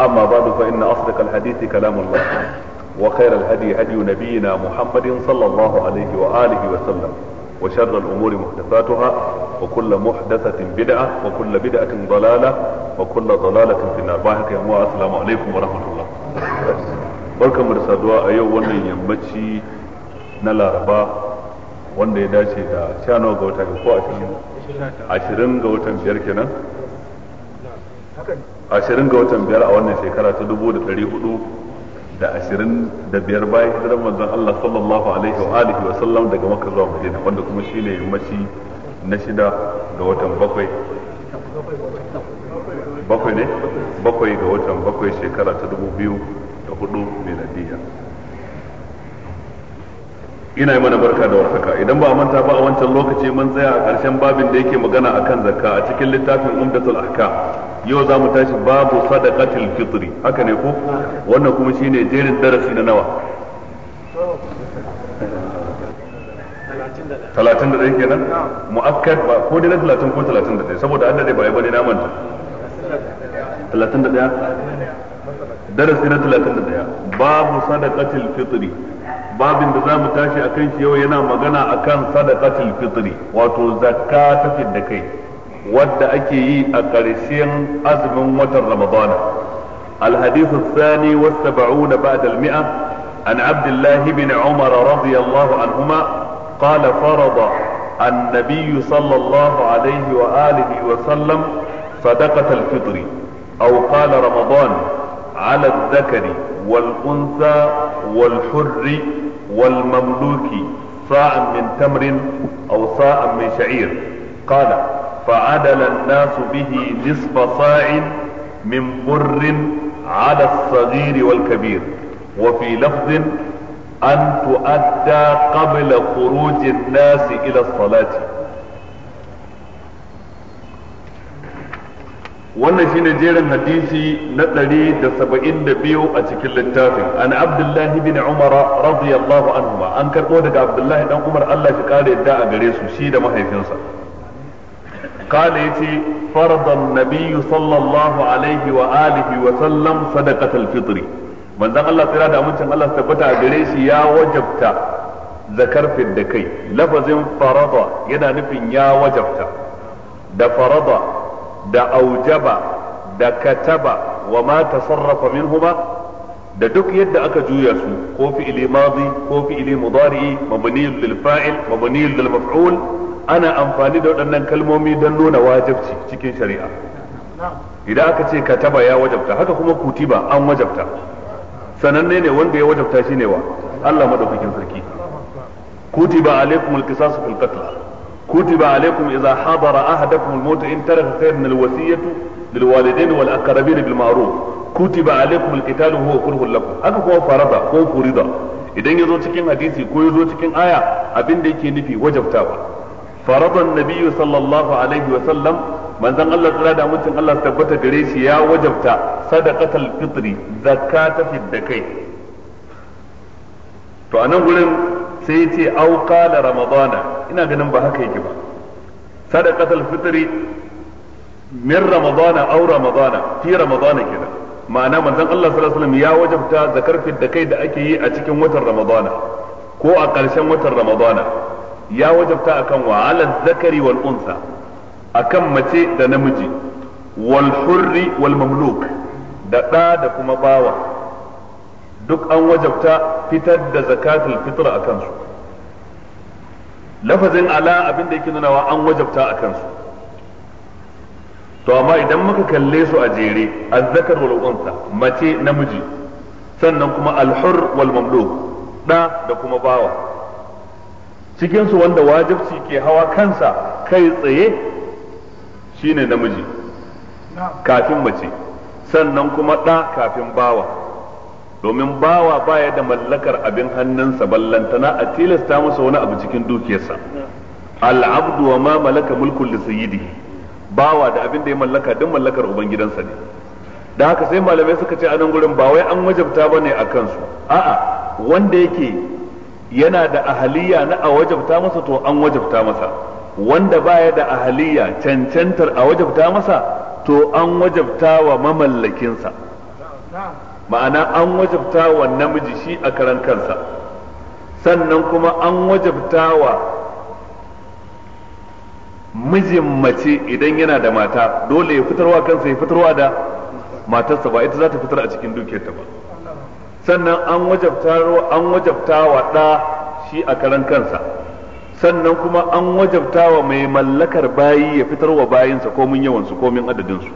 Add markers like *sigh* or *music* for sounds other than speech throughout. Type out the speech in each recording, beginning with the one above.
أما بعد فإن أصدق الحديث كلام الله وخير الهدي هدي نبينا محمد صلى الله عليه وآله وسلم وشر الأمور محدثاتها وكل محدثة بدعة وكل بدعة ضلالة وكل ضلالة في النار باهك يا السلام عليكم ورحمة الله barkanmu da saduwa a yau wannan yammaci na laraba wanda ya dace da sha nawa ga watan ko ashirin ga watan biyar kenan ashirin ga watan biyar a wannan shekara ta dubu da ɗari hudu da ashirin da biyar bayan hijirar manzon Allah sallallahu alaihi wa alihi wa sallam daga maka zuwa madina wanda kuma shi ne mashi na shida ga watan bakwai bakwai ne bakwai ga watan bakwai shekara ta dubu biyu da hudu miladiyya ina yi mana barka da warhaka idan ba a manta ba a wancan lokaci mun tsaya a ƙarshen babin da yake magana akan zakka a cikin littafin umdatul ahkam yau za mu tashi babu sadaqatul fitri haka ne ko wannan kuma shine jerin darasi na nawa 31 kenan muakkad ba ko dai na 30 ko 31 saboda an dai ba bane na manta 31 darasi na 31 babu sadaqatul fitri babin da zamu tashi akan shi yau yana magana akan sadaqatul fitri wato zakka ta da kai wadda ake yi a ƙarshen azumin watan ramadana الحديث الثاني والسبعون بعد المئة عن عبد الله بن عمر رضي الله عنهما قال فرض النبي صلى الله عليه وآله وسلم صدقة الفطر أو قال رمضان على الذكر والأنثى والحر والمملوك صاع من تمر أو صاع من شعير قال فعدل الناس به نصف صاع من بر على الصغير والكبير وفي لفظ أن تؤدى قبل خروج الناس إلى الصلاة wannan shine jerin hadisi na ɗari da saba'in da biyu a cikin littafin an abdullahi bin umara radiyallahu anhu an karɓo daga abdullahi dan umar allah shi kare yadda a gare su shi da mahaifinsa قال يتي فرض النبي صلى الله عليه وآله وسلم صدقة الفطر من ذا الله ترى دا منشن الله تبتع دريش يا وجبتا ذكر في الدكي لفظ فرض ينا نفن يا وجبتا دا فرض دا أوجب دا كتب وما تصرف منهما da duk yadda aka juya su ko fi'ili madi ko fi'ili mudari mabni lil fa'il mabni lil maf'ul ana amfani da waɗannan kalmomi don nuna wajabci cikin shari'a idan aka ce kataba ya wajabta haka kuma ba an wajabta sananne ne wanda ya wajabta shine wa Allah madaukakin sarki kutiba alaikum alqisasu fil qatl kutiba alaikum idza hadara ahadakum al mota in taraka khayran al-wasiyatu lil da wal aqrabin bil ma'ruf kutiba alaikum al-qitalu huwa kurhun lakum haka kuma farada ko furida idan yazo cikin hadisi ko yazo cikin aya abinda yake nufi wajabtawa farada an-nabi sallallahu alaihi wa sallam manzon Allah tsira da mutun Allah tabbata gare shi ya wajabta sadaqatul fitri zakata fiddakai to anan gurin sai yace au qala ramadana ina ganin ba haka yake ba sadaqatul fitri min ramadana au ramadana fi ramadana kenan ma'ana manzon Allah sallallahu alaihi wasallam ya wajabta zakar fiddakai da ake yi a cikin watan ramadana ko a ƙarshen watan ramadana ya wajabta akan wa ala zakari wal unsa akan mace da namiji wal hurri wal mamluk da ɗa da kuma bawa duk an wajabta fitar da zakatul fitar a kansu lafazin ala abin da yake nunawa an wajabta a kansu to amma idan muka kalle su a jere azzakar wal unsa mace namiji sannan kuma alhur wal mamluk ɗa da kuma bawa cikin su wanda wajibci ke hawa kansa kai tsaye shine namiji kafin mace sannan kuma ɗa kafin bawa domin bawa baya da mallakar abin hannunsa ballantana a tilasta masa wani abu cikin dukiyarsa al'abdu wa ma malaka mulkul li bawa da abin da ya mallaka duk mallakar ubangidansa ne da haka sai malamai suka ce a nan gurin ba wai an wajabta bane a kansu a'a wanda yake yana da ahaliya na a wajabta masa to an wajabta masa wanda baya da ahaliya cancantar a wajabta masa to an wajabta wa mamallakinsa ma'ana an wajabta wa namiji shi a karan kansa sannan kuma an wajabta wa mijin mace idan yana da mata dole ya fitarwa kansa ya fitarwa da matarsa ba ita za ta fitar a cikin dukiyarta ba sannan an wajabta an wajabta wa ɗa shi a karan kansa sannan kuma an wajabta wa mai mallakar bayi ya fitar wa bayinsa komin yawansu komin su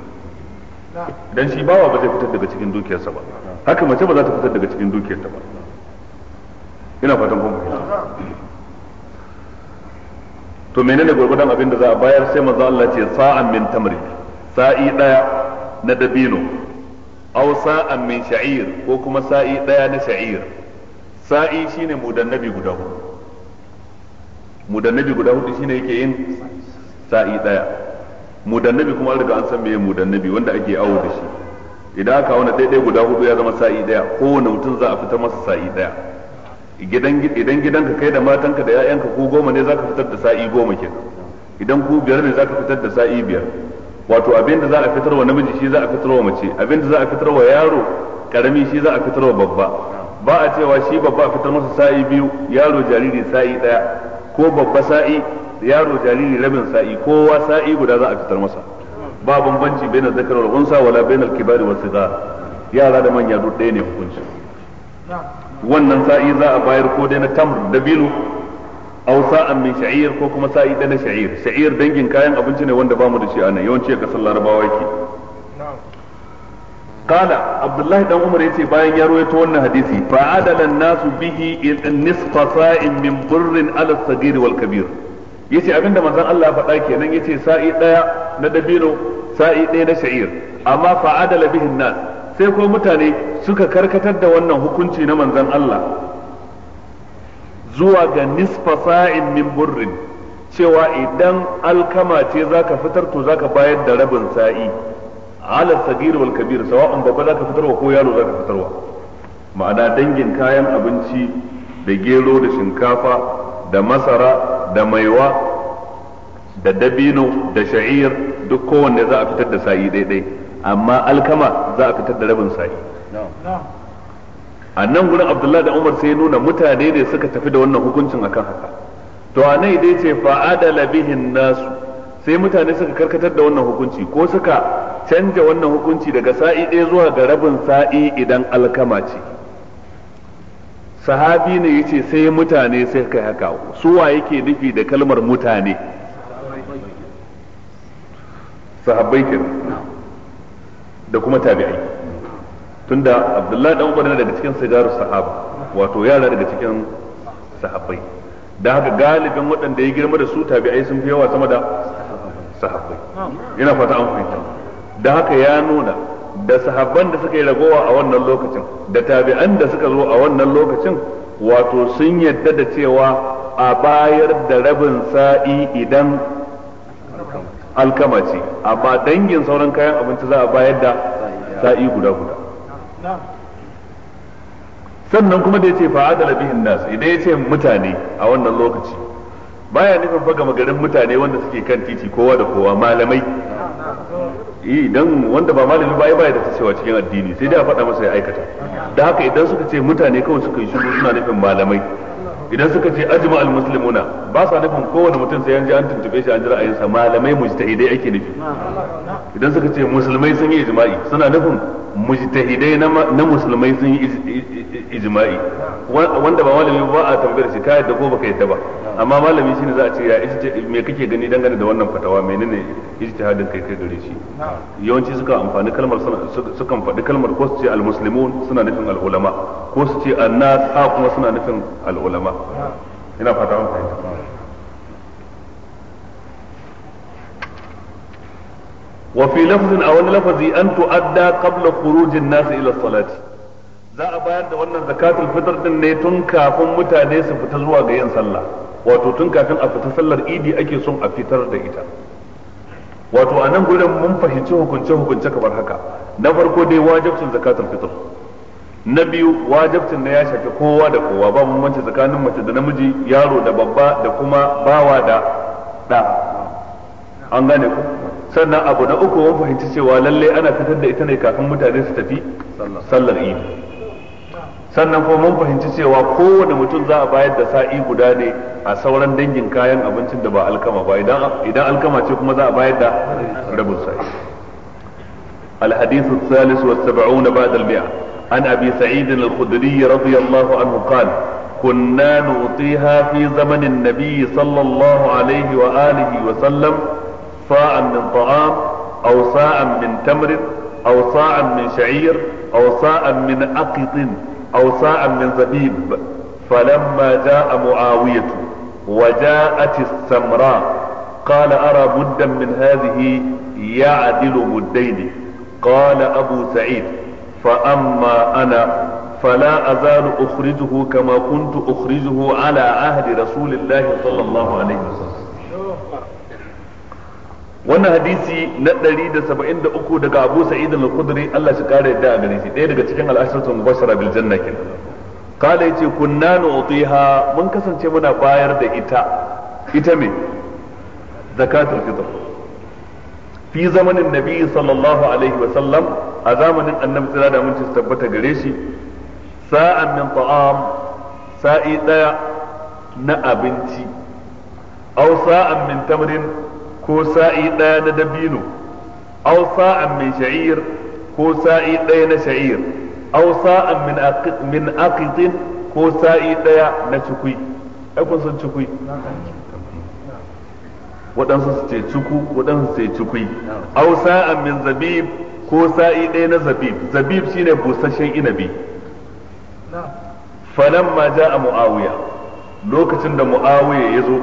dan shi bawa ba zai fitar daga cikin dukiyarsa ba haka mace ba za ta fitar daga cikin dukiyarta ba ina fatan kun to menene gurgudan abin da za a bayar sai manzo Allah ce sa'an min tamri sa'i daya na dabino aw sa'an min sha'ir ko kuma sa'i daya na sha'ir sa'i shine mudannabi guda hudu mudannabi guda hudu shine yake yin sa'i daya mudannabi kuma an riga an san meye mudannabi wanda ake awo da shi idan aka auna daidai guda hudu ya zama sa'i daya kowane mutum za a fitar masa sa'i daya idan gidanka kai da matanka da 'ya'yanka ku goma ne zaka fitar da sa'i goma kenan idan ku biyar ne zaka fitar da sa'i biyar wato abin da za a fitarwa namiji shi za a fitarwa mace abin da za a fitarwa yaro karami shi za a fitarwa babba ba a cewa shi babba a fitar masa sa'i biyu yaro jariri sa'i daya ko babba sa'i yaro jariri rabin sa'i kowa sa'i guda za a fitar masa ba bambanci bainal zakar wal unsa wala bainal kibari was sigar yara da manya duk ɗaya ne hukunci wannan sa'i za a bayar ko dai na tamr dabino aw sa'an min sha'ir ko kuma sa'i dana sha'ir sha'ir dangin kayan abinci ne wanda bamu da shi a nan yawanci a kasar larabawa yake kala abdullahi dan umar yace bayan ya rawaito wannan hadisi fa nasu bihi nisfa sa'in min burrin ala sagir wal kabir yace abinda manzan Allah faɗa kenan ya ce daya na dabino sa'i daya na sha'ir amma fa'adala adala bihi sai ko mutane suka karkatar da wannan hukunci na manzan Allah zuwa ga nisfa sa'in min burrin cewa idan alkama ce zaka fitar to zaka bayar da rabin sa'i ala sagir wal kabir sawa'un babba zaka fitarwa ko yaro zaka fitarwa ma'ana dangin kayan abinci da gero da shinkafa da masara da maiwa da dabino da sha'ir duk kowanne za a fitar da sa'i daidai amma alkama za a fitar da rabin sa'i a nan gurin abdullahi da umar sai nuna mutane ne suka tafi da wannan hukuncin akan haka to a nan dai ce fa'ada labihin nasu sai mutane suka karkatar da wannan hukunci ko suka canja wannan hukunci daga sa'i ɗaya zuwa ga rabin sa'i idan alkama ce sahabi ne ya ce sai mutane sai kai haka suwa yake nufi da kalmar mutane sahabbai da kuma tabi'ai tunda abdullahi dan umar yana daga cikin sigaru sahaba wato yara daga cikin sahabbai da haka galibin waɗanda ya girma da su tabi'ai sun fi yawa sama da sahabbai ina fata an fahimta da haka ya nuna da sahabban da suka yi ragowa a wannan lokacin da tabi'an da suka zo a wannan lokacin wato sun yadda da cewa a bayar da rabin sa'i idan alkama ce amma dangin sauran kayan abinci za a bayar da sa'i guda guda sannan kuma da ya ce da bihin nasu idan ya ce mutane a wannan lokaci baya nufin faga magarin mutane wanda suke kan titi kowa da kowa malamai idan eh, wanda ba malami ba baya da cewa cikin addini sai dai a faɗa masa ya aikata da haka idan suka ce mutane kawai suka yi shuru suna nufin malamai idan suka ce ajma al muslimuna ba sa nufin kowane mutum sai an ji an tuntube shi an ji ra'ayinsa malamai mujtahidai ake nufi idan suka ce musulmai sun yi ijma'i suna nufin mujtahidai na musulmai sun yi ijma'i wanda ba malami ba a tambayar shi ka yadda ko baka yadda ba amma malami shine za a ce ya me kake gani dangane da wannan fatawa menene ijtihadin kai kai gare shi yawanci suka amfani kalmar suka faɗi kalmar ko su ce almuslimun suna nufin al'ulama ko su ce annas ha kuma suna nufin al'ulama ina fata an fahimta وفي لفظ أو لفظ qabla تؤدى قبل خروج الناس إلى الصلاة za a bayar da wannan zakatul fitr din ne tun kafin mutane su fita zuwa ga yin sallah wato tun kafin a fita sallar idi ake son a fitar da ita wato a nan gurin mun fahimci hukunce hukunce kamar haka na farko dai wajibcin zakatul fitr na biyu wajibcin na ya shafi kowa da kowa ba bambanci tsakanin mace da namiji yaro da babba da kuma bawa da da an gane ku sannan abu na uku mun fahimci cewa lalle ana fitar da ita ne kafin mutane su tafi sallar idi sannan kuma mun fahimci cewa kowane mutum za a bayar da sa'i guda ne a sauran dangin kayan abincin da ba alkama ba idan alkama ce kuma za a bayar da rabin sa'i الحديث الثالث والسبعون بعد المئة عن أبي سعيد الخدري رضي الله عنه قال كنا نعطيها في زمن النبي صلى الله عليه وآله وسلم صاعا من طعام أو صاعا من تمر أو صاعا من شعير أو صاعا من أقط أو ساعا من زبيب فلما جاء معاوية وجاءت السمراء قال أرى بدا من هذه يعدل بدين قال أبو سعيد فأما أنا فلا أزال أخرجه كما كنت أخرجه على عهد رسول الله صلى الله عليه وسلم wannan hadisi na 173 daga Abu Sa'id al-Khudri Allah shi kare yadda a gare shi ɗaya daga cikin al-ashratu mubashara bil janna kenan kala yace kunna nu'tiha mun kasance muna bayar da ita ita me zakatul fitr fi zamanin nabi sallallahu alaihi wa sallam a zamanin annabi tsira da mun ci tabbata gare shi sa'an min ta'am sa'i daya na abinci aw sa'an min tamrin ko sa'i ɗaya na dabino aw sa'an min sha'ir ko sa'i ɗaya na sha'ir aw sa'an min min ko sa'i ɗaya na cikui ai kun san cikui waɗansu su ce cuku waɗansu su ce cikui aw sa'an min zabib ko sa'i ɗaya na zabib zabib shine busasshen inabi falamma ja'a muawiya lokacin da muawiya ya zo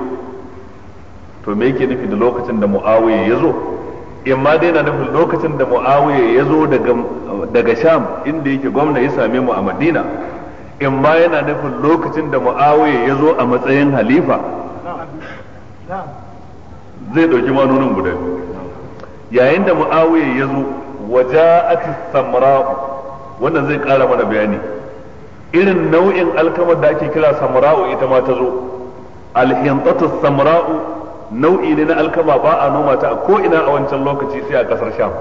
to me yake nufi da lokacin da muawiya ya zo in ma dai na nufin lokacin da muawiya ya zo daga sham inda yake gwamna ya same mu a madina in ma yana nufin lokacin da muawiya ya zo a matsayin halifa zai ɗauki manonin guda yayin da muawiya ya zo waja'at samra'u wannan zai ƙara mana bayani irin nau'in alkamar da ake kira samra'u ita ma ta zo alhintatu samra'u nau'i ne na alkama ba a noma ta a ko'ina a wancan lokaci sai a kasar sham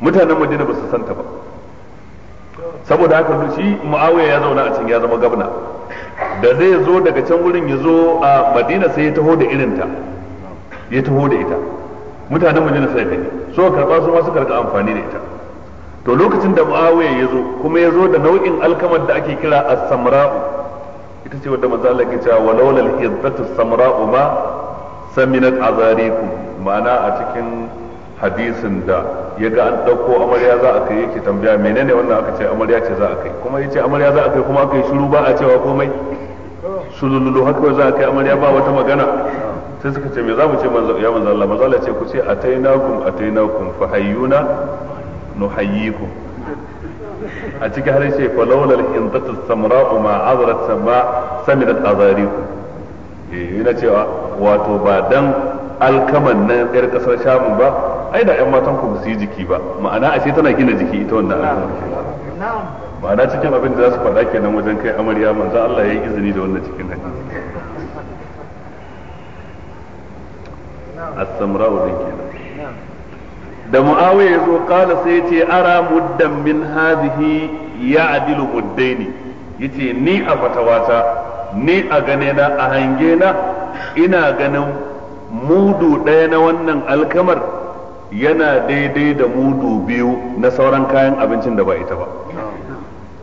mutanen madina ba su santa ba saboda haka shi muawiya ya zauna a can ya zama gabna da zai zo daga can wurin ya zo a madina sai ya taho da irinta ya taho da ita mutanen madina sai gani so karba su ma suka rika amfani da ita to lokacin da muawiya ya zo kuma ya zo da nau'in alkamar da ake kira as-samra'u ita ce wadda manzo Allah ya ce wa al-hiddatu as-samra'u ma saminat azarikum ma'ana a cikin hadisin da ya ga an ɗauko amarya za a kai yake tambaya menene wannan aka ce amarya ce za a kai kuma ya ce amarya za a kai kuma aka yi shiru ba a cewa komai sululu haka za a kai amarya ba wata magana sai suka ce me za mu ce ya manzo Allah manzo Allah ce ku ce atainakum atainakum fa hayyuna nuhayyikum a cikin harshe fa laulal hintatu samra'u ma azrat sama samidat azarikum eh yana cewa wato ba dan alkaman na yar kasar shamun ba ai da yan matan ku su yi jiki ba ma'ana ashe tana gina jiki ita wannan alkamar ma'ana cikin abin da za su faɗa kenan wajen kai amarya manzo Allah ya yi izini da wannan cikin hadisi as-samra'u din kenan da muawiya yazo kala sai ce ara muddan min hadhihi ya'dilu muddaini yace ni a fatawata ni a ganena, a hange na ina ganin mudu ɗaya na wannan alkamar yana daidai da mudu biyu na sauran kayan abincin da ba ita ba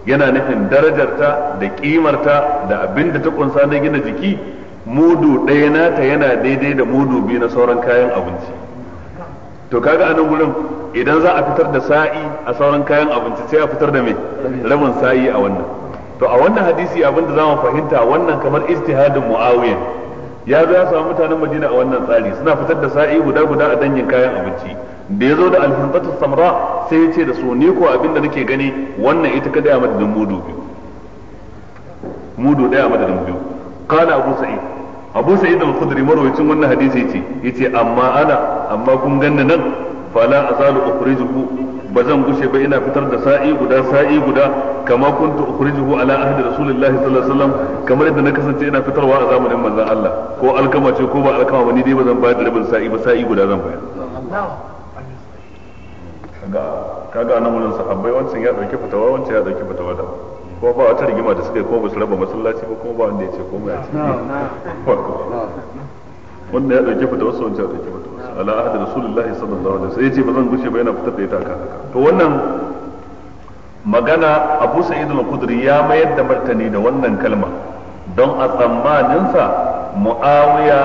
yana nufin darajarta da kimarta da abin da ta kunsa na gina jiki mudu ɗaya nata yana daidai da mudu biyu na sauran kayan abinci to kaga anan gurin idan za a fitar da sa'i a sauran kayan abinci sai a fitar da mai rabin sa'i a wannan to a wannan hadisi abin da za mu fahimta wannan kamar istihadin muawiyah ya zo ya samu mutanen madina a wannan tsari suna fitar da sa'i guda guda a dangin kayan abinci da ya zo da alhamdatu samra sai ya ce da su ni ko abinda nake gani wannan ita ka daya madadin mudu biyu mudu daya madadin biyu qala abu sa'id abu sa'id da khudri marwacin wannan hadisi ya ce amma ana amma kun ganna nan fala azalu ukhrijuhu ba zan gushe ba ina fitar da sa'i guda sa'i guda kama kuntu ukhrijuhu ala ahdi rasulillahi sallallahu alaihi wasallam kamar yadda na kasance ina fitarwa a zamanin manzon Allah ko alkama ce ko ba alkama ba ni dai ba zan bayar da rabin sa'i ba sa'i guda zan bayar kaga kaga nan wurin sahabbai wancan ya dauki fitawa wancan ya dauki fitawa da ko ba wata rigima da suka yi ko ba su raba masallaci ba kuma ba wanda ya ce komai a ce. wannan ya dauke da wasu wancan dauke da wasu ala ahad rasulullahi sallallahu alaihi wasallam ce ba zan gushe ba yana fitar da ita aka haka to wannan magana Abu Sa'id al-Khudri ya mayar da martani da wannan kalma don a tsammaninsa Muawiya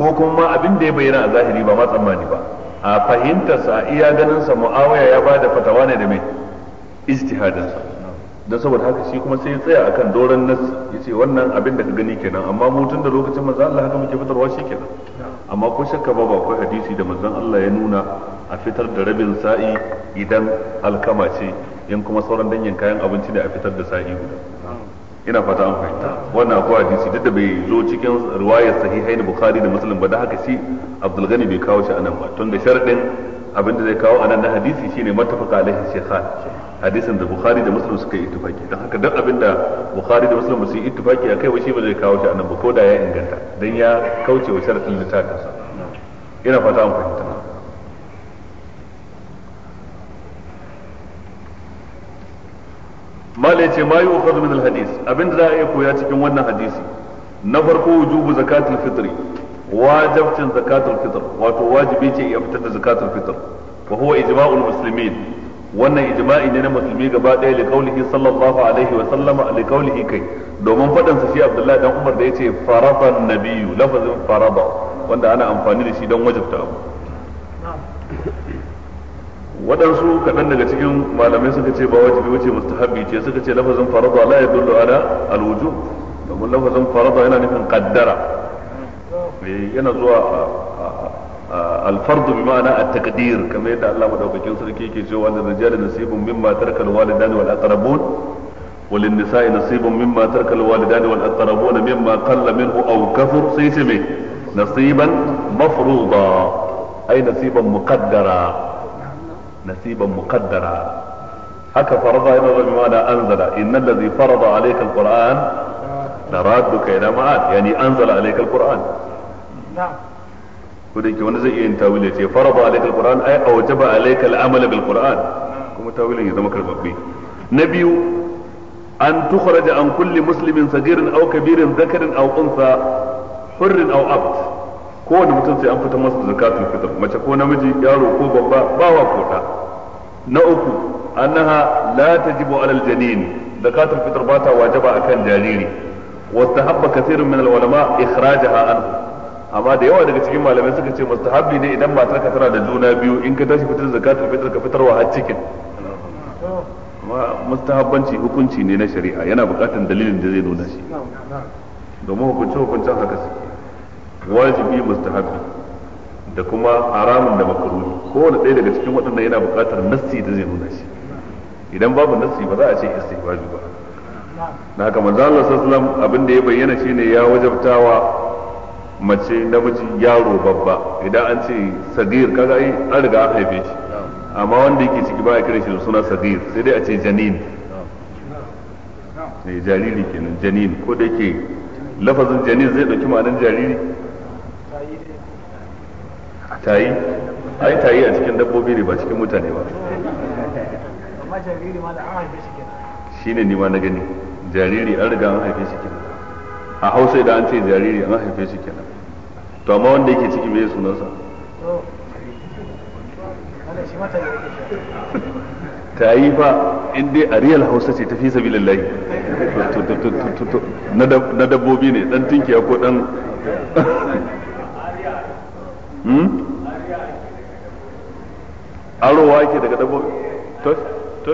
ko kuma abin da ya bayyana a zahiri ba ma tsammani ba a fahimtarsa a iya ganinsa Muawiya ya ba da fatawa ne da mai sa. da saboda haka shi kuma sai ya tsaya akan doron nasi ya ce wannan abin da ka gani kenan amma mu tun da lokacin manzon Allah haka muke fitarwa shi kenan amma ko shakka ba ba akwai hadisi da manzon Allah ya nuna a fitar da rabin sa'i idan alkama ce in kuma sauran dangin kayan abinci ne a fitar da sa'i guda ina fata an fahimta wannan akwai hadisi duk da bai zo cikin riwayar sahihain bukhari da muslim ba da haka shi abdul ghani bai kawo shi anan ba tun da sharadin abinda zai kawo anan na hadisi shine mattafaka alaihi shaykhan hadisin da bukhari da muslim suka yi ittifaki don haka duk abinda bukhari da muslim su yi ittifaki akai wai shi ba zai kawo shi a nan ba ko da ya inganta dan ya kauce wa sharadin littafin sa ina fata an fahimta mala ce ma yu'khadhu min al abin abinda za a iya koya cikin wannan hadisi na farko wujubu zakatul fitri Wajabcin zakatul fitr wato wajibi ce ya fitar da zakatul fitr wa huwa ijma'ul muslimin wannan ijma'i ne na musulmi gaba ɗaya li qaulihi sallallahu alaihi wa sallama li qaulihi kai domin faɗin sa shi Abdullahi dan Umar da yace farada nabiyyu lafazin farada wanda ana amfani da shi don wajibta abu waɗansu kaɗan daga cikin malamai suka ce ba wajibi wuce mustahabi ce suka ce lafazin farada la yadullu ala alwujub domin lafazin farada yana nufin qaddara yana zuwa alfardu bi ma'ana at-taqdir kamar yadda Allah madaukakin sarki yake cewa da rijal nasibun mimma tarkal walidani wal aqrabun walin nisa'i nasibun mimma tarkal walidani wal aqrabun mimma qalla minhu aw kathur sai sai me nasiban mafruḍa ay nasiban muqaddara nasiban muqaddara haka farada yana zuwa bi ma'ana anzala innal ladhi farada alayka yani anzala ko da ke wani zai iya yin tawil ya ce fara ba faraba alayka alquran a awjaba alayka al'amala bil quran kuma tawilin ya zama karbabbe na biyu an tukhraja an kulli muslimin sagirin aw kabirin zakarin aw unsa hurrin aw abd kowane mutum sai an fita masa zakatul fitr mace ko namiji yaro ko babba bawa ko da na uku annaha la tajibu alal janin zakatul fitr ba ta wajaba akan jariri واستحب كثير من العلماء إخراجها عنه amma da yawa daga cikin malamai suka ce mustahabi ne idan matar ka tana da juna biyu in ka tashi fitar zakatul fitr ka fitarwa har cikin mustahabbanci hukunci ne na shari'a yana buƙatar dalilin da zai nuna shi domin hukunci-hukunci hukuncin haka su wajibi mustahabi. da kuma haramun da makaruhi kowane ɗaya daga cikin waɗannan yana buƙatar nassi da zai nuna shi idan babu nassi ba za a ce istihbabi ba na haka manzo Allah sallallahu alaihi wasallam abin da ya bayyana shine ya wajabtawa mace namiji yaro babba idan an ce sagir kaga ai an riga an haife shi amma wanda yake ciki ba a kira shi da suna sagir sai dai a ce janin ne eh, jariri kenan janin ko da yake lafazin janin zai dauki ma'anar jariri tayi ai tayi a cikin dabbobi ne ba cikin mutane ba amma jariri ma da an haife shi kenan shine ni ma na gani jariri an riga an haife shi kenan a hausa idan an ce jariri an haife shi kenan to amma wanda yake ciki bai sunansa ta yi fa in dai a real hausa ce tafi sabi lallai na dabbobi ne dan tinkiya ko dan hmm? arowa ke daga dabbobi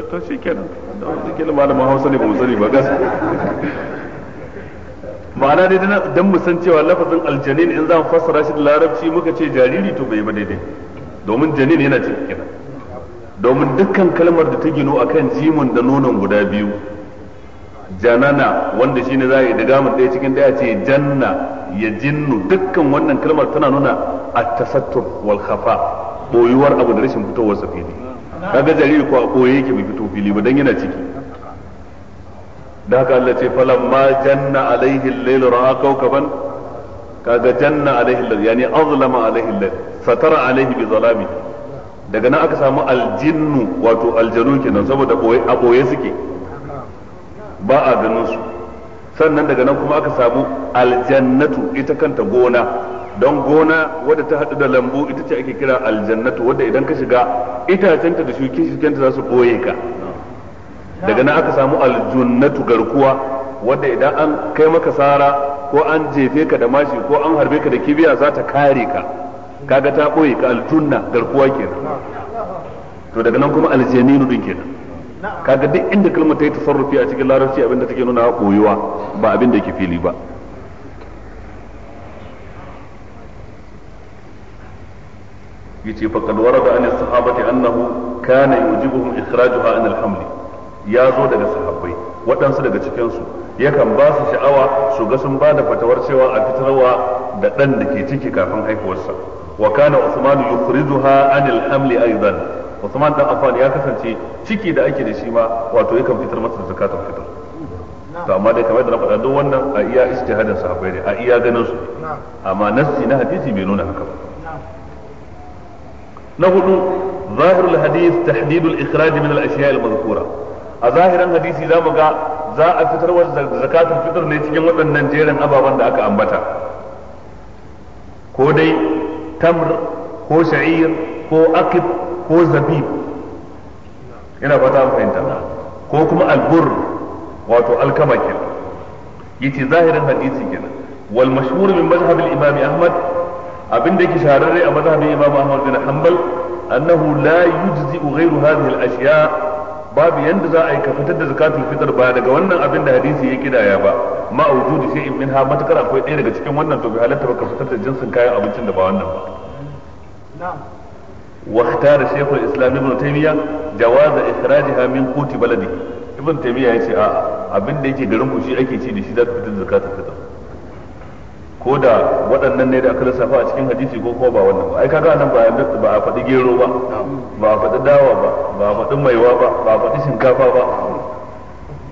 to shi kenan da wani kenan malamin hausa ne ba mu sani ba gasa ma'ana dai dan mu san cewa lafazin aljanin in za mu fassara shi da larabci muka ce jariri to bai ba daidai domin janin yana cikin kina domin dukkan kalmar da ta gino akan jimin da nonon guda biyu janana wanda shine za a yi da gamun ɗaya cikin daya ce janna ya jinnu dukkan wannan kalmar tana nuna at-tasattur wal khafa boyuwar abu da rashin fitowar sa fili kaga jariri ko a boye yake bai fito fili ba dan yana ciki da haka Allah ce ma janna alaihi al-layl ra'a kawkaban kaga janna alaihi al-layl yani azlama alaihi al-layl satara alaihi bi zalami daga nan aka samu aljinnu wato aljanu kenan saboda boye a boye suke ba a ganin su sannan daga nan kuma aka samu aljannatu ita kanta gona don gona wadda ta haɗu da lambu ita ce ake kira aljannatu wadda idan ka shiga itacenta da shukin shukenta za su boye ka daga nan aka samu aljunnatu garkuwa wanda idan an kai maka sara ko an jefe ka da mashi ko an harbe ka da kibiya za ta kare ka kaga ta ɓoye ka aljunna garkuwa kenan to daga nan kuma aljaninu din kenan kaga duk inda kalmar ta yi tasarrufi a cikin larabci abin da take nuna koyuwa ba abin da yake fili ba yace faqad warada an as-sahabati annahu kana yujibuhum ikhrajuha an al ya zo daga sahabbai waɗansu daga cikinsu yakan ba su sha'awa su ga sun ba da fatawar cewa a fitarwa da ɗan da ke ciki kafin haihuwarsa wa kana usman yukhrijuha anil hamli aidan usman dan affan ya kasance ciki da ake da shi ma wato yakan fitar masa da zakatul to amma dai kamar da na faɗa duk wannan a iya ijtihadin sahabbai ne a iya ganin su amma nassi na hadisi bai nuna haka ba na hudu zahirul hadith tahdidul ikhraj min al ashiya a zahirin hadisi za mu ga za a fitar fitarwar zakatul fitr ne cikin waɗannan jerin ababen da aka ambata ko dai tamr ko sha'ir ko akib ko zabib ina fata an fahimta ko kuma albur wato alkamakin yace zahirin hadisi kenan wal mashhur min mazhab al imam ahmad abin yake shahararre a mazhabin imam ahmad bin hanbal annahu la yujzi ghayru hadhihi al ashiya' babu yanda za a yi ka fitar da zakatul fitr ba daga wannan abin da hadisi ya kidaya ba ma wujudu min ha matakar akwai ɗaya daga cikin wannan to bi halatta ka fitar da jinsin kayan abincin da ba wannan ba na'am wa ikhtara shaykh al-islam ibn taymiya jawaza ikhrajiha min quti baladi ibn taymiya yace a abin da yake garin ku shi ake ci da shi za ka fitar da zakatul ko da waɗannan ne da aka lissafa a cikin hadisi ko kuma ba wannan ba ai kaga nan ba ba a faɗi gero ba ba a faɗi dawa ba ba a faɗi maiwa ba ba a faɗi shinkafa ba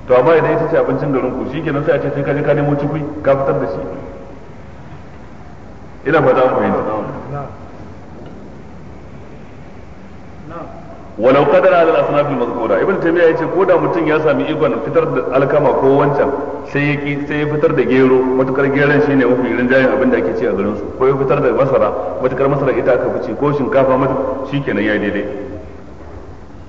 to amma idan ita ce abincin garin ku shikenan sai a ce sai ka je ka nemo cikui ka fitar da shi ina fata mu fahimta walau kadara ala al-asnaf al-mazkura ibn taymiya yace ko da mutum ya sami ikon fitar da alkama ko wancan sai yaki sai ya fitar da gero matukar geron shine mafi rinjayen abin da ake ci a garin su ko ya fitar da masara matukar masara ita aka fice ko shinkafa mata shikenan ya daidai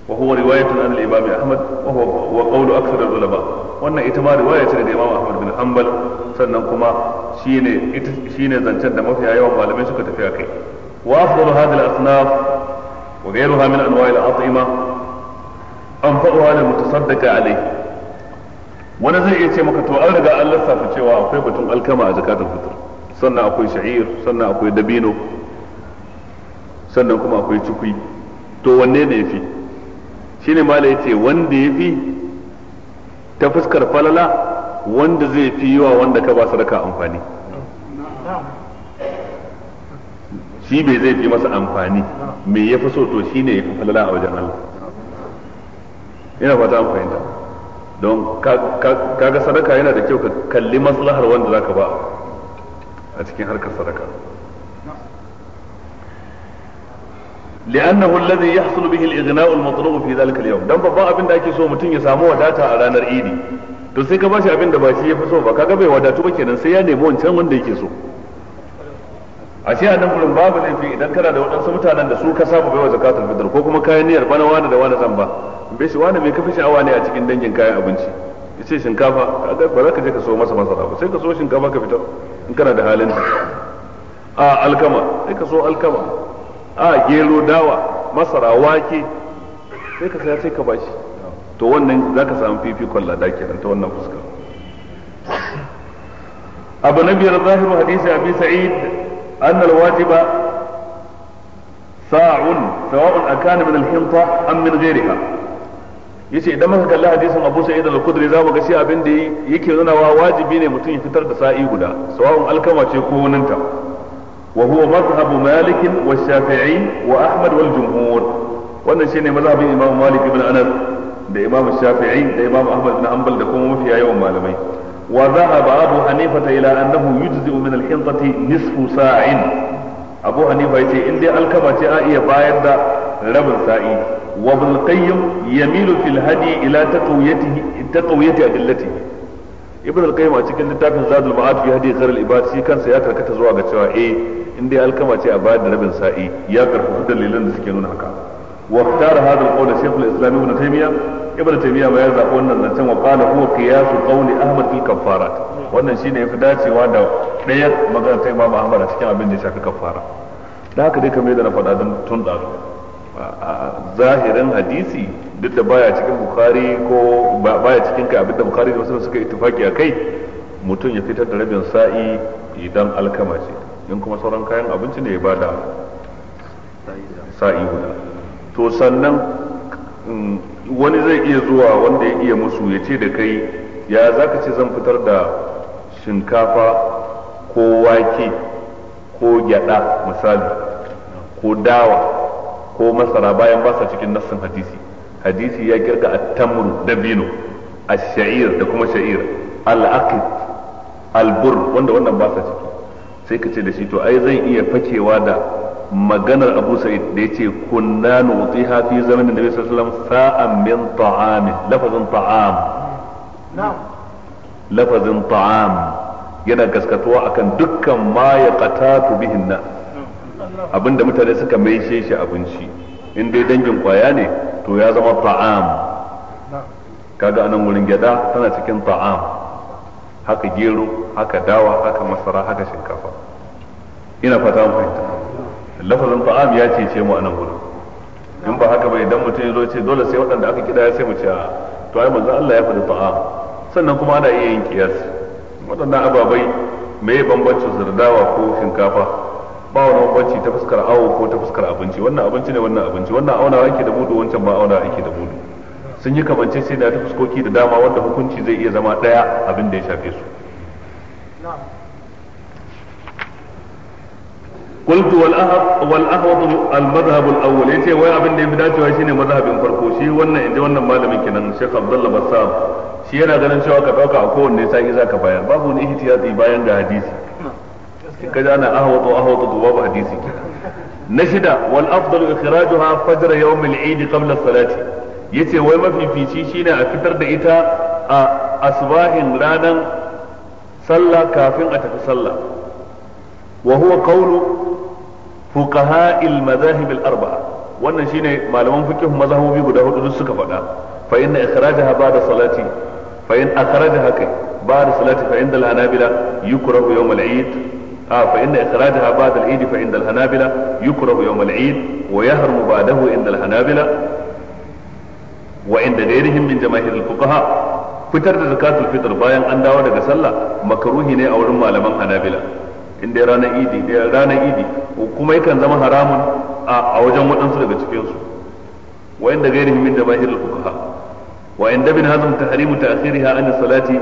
wa huwa riwayatun an al-imam ahmad wa huwa wa qawlu akthar al-ulama wannan ita ma riwaya ce da imam ahmad bin hanbal sannan kuma shine ita shine zancen da mafiya yawan malamai suka tafi akai wa afdalu hadhihi al-asnaf وغيرها من أنواع الأطعمة أنفعها للمتصدق عليه wani zai iya ce maka to an riga an lissafa cewa akwai batun alkama a zakatul fitr sannan akwai sha'ir sannan akwai dabino sannan kuma akwai cikui to wanne ne yafi shine mala yace wanda yafi ta fuskar falala wanda zai fi yawa wanda ka ba sadaka amfani shi bai zai fi masa amfani me ya fi so to shi ne ya fi falala a wajen Allah ina fata an fahimta don kaga sadaka yana da kyau ka kalli maslahar wanda zaka ba a cikin harkar sadaka لأنه الذي يحصل به الإغناء المطلوب في ذلك اليوم dan babban abin da ake so mutum ya samu wadata a ranar idi to sai ka bashi abin da ba shi ya fi so ba kaga bai wadatu ba kenan sai ya nemi wancan wanda yake so ashe a nan gurin babu laifi idan kana da waɗansu mutanen da su ka samu baiwa zakatul fitr ko kuma kayan niyyar bana wani da wani zan ba bai shi wani mai kafi sha'awa ne a cikin dangin kayan abinci yace shinkafa kaga ba za ka je ka so masa masara ba sai ka so shinkafa ka fitar in kana da halin a alkama sai ka so alkama a gero dawa masara wake sai ka saya sai ka bashi to wannan za ka samu fifikon lada kenan ta wannan fuska abu na biyar zahiru hadisi abi sa'id أن الواجب ساع سواء أكان من الحنطة أم من غيرها yace idan muka kalli hadisin Abu Sa'id al-Khudri zamu ga shi abin da yake nuna wa wajibi ne mutum ya fitar da sa'i guda sawa'un alkama ce ko wuninta wa huwa madhhabu Malik wa Shafi'i wa Ahmad wal jumhur wannan shine mazhabin Imam Malik ibn Anas da Imam Shafi'i da Imam Ahmad ibn Hanbal da kuma mafiya yawan malamai وذهب أبو حنيفة إلى أنه يجزئ من الحنطة نصف ساع أبو حنيفة إن دي الكبة آئية بايد رب ساعي وابن القيم يميل في الهدي إلى تقويته تقوية أدلته ibn al-qayyim a cikin littafin zadul ma'ad fi hadi khairul ibad kansa ya karkata zuwa ga cewa eh in dai alkama ce a bayar da rabin sa'i ya karfafa dalilan da suke nuna haka wa ktara hadal qawl shaykh ibnu taymiya ba ya zaɓi wannan zancen wa qala huwa qiyasu qawli ahmad fil kaffarat wannan shine yafi dacewa da ɗayan magana ta imam ahmad a cikin abin da ya shafi kaffara da haka dai kamar yadda na faɗa don tun da zahirin hadisi duk da baya cikin bukhari ko baya cikin kai abin da bukhari da wasu suka ittifaki a kai mutum ya fitar da rabin sa'i idan alkama ce in kuma sauran kayan abinci ne ya bada sa'i guda to sannan mm, wani zai iya zuwa wanda ya iya musu ya ce da kai ya za ka ce zan fitar da shinkafa ko wake ko gyada misali ko dawa ko masara bayan ba sa cikin nassin hadisi hadisi ya kirga a tamru dabino a shair da kuma sha'ir al albur al wanda wannan ba sa ciki sai ka ce da shi to ai zan iya fakewa da maganar Abu Sa'id da ya ce kunna nutiha fi zamanin Nabi sallallahu alaihi wasallam sa'an min ta'ami lafazin ta'am lafazin ta'am yana gaskatuwa akan dukkan ma ya qatatu bihin na abinda mutane suka mai shi abinci in dai dangin kwaya ne to ya zama ta'am kaga anan wurin gyada tana cikin ta'am haka gero haka dawa haka masara haka shinkafa ina fata mu fahimta lafazin ta'am ya ce ce mu a nan gudu in ba haka ba idan mutum ya zo ce dole sai waɗanda aka kida ya sai mu ce a to ai manzo Allah ya faɗi ta'am sannan kuma ana iya yin kiyas waɗannan ababai me bambancin su da dawa ko shinkafa ba wani bambanci ta fuskar awo ko ta fuskar abinci wannan abinci ne wannan abinci wannan auna ake da budu wancan ba auna ake da budu sun yi kamance sai da ta fuskoki da dama wanda hukunci zai iya zama ɗaya abin da ya shafe su qultu wal ahab wal al madhhab al awwal yace wai abin da fi dacewa shine mazhabin farko shi wannan inda wannan malamin kenan Sheikh Abdullah Bassam shi yana ganin cewa ka dauka a kowanne sai zaka bayar babu wani ihtiyati bayan ga hadisi kaji ana ahwad wa ahwad to babu hadisi na shida wal afdal ikhrajuha fajr yawm al eid qabla salati yace wai mafifici shine a fitar da ita a asbahin ranar sallah kafin a tafi sallah wa huwa fuqaha'il madahib al-arba'a wannan shine malaman fiqh mazhabobi guda hudu suka faɗa fa inna ikhrajaha ba'da salati fa in akhrajaha kai ba'da salati fa inda al-hanabila yukrahu yawm al-eid ah fa inna ikhrajaha ba'da al fa inda al-hanabila yukrahu yawm al-eid wa yahrumu ba'dahu inda al-hanabila wa fitar da zakatul fitar bayan an dawo daga sallah makaruhi ne a wurin malaman hanabila inda ya ranar idi da ranar idi kuma yakan zama haramun a wajen waɗansu daga cikinsu wa inda gairi min da bahir fuqaha wa inda bin hazm tahrimu ta'khiriha an salati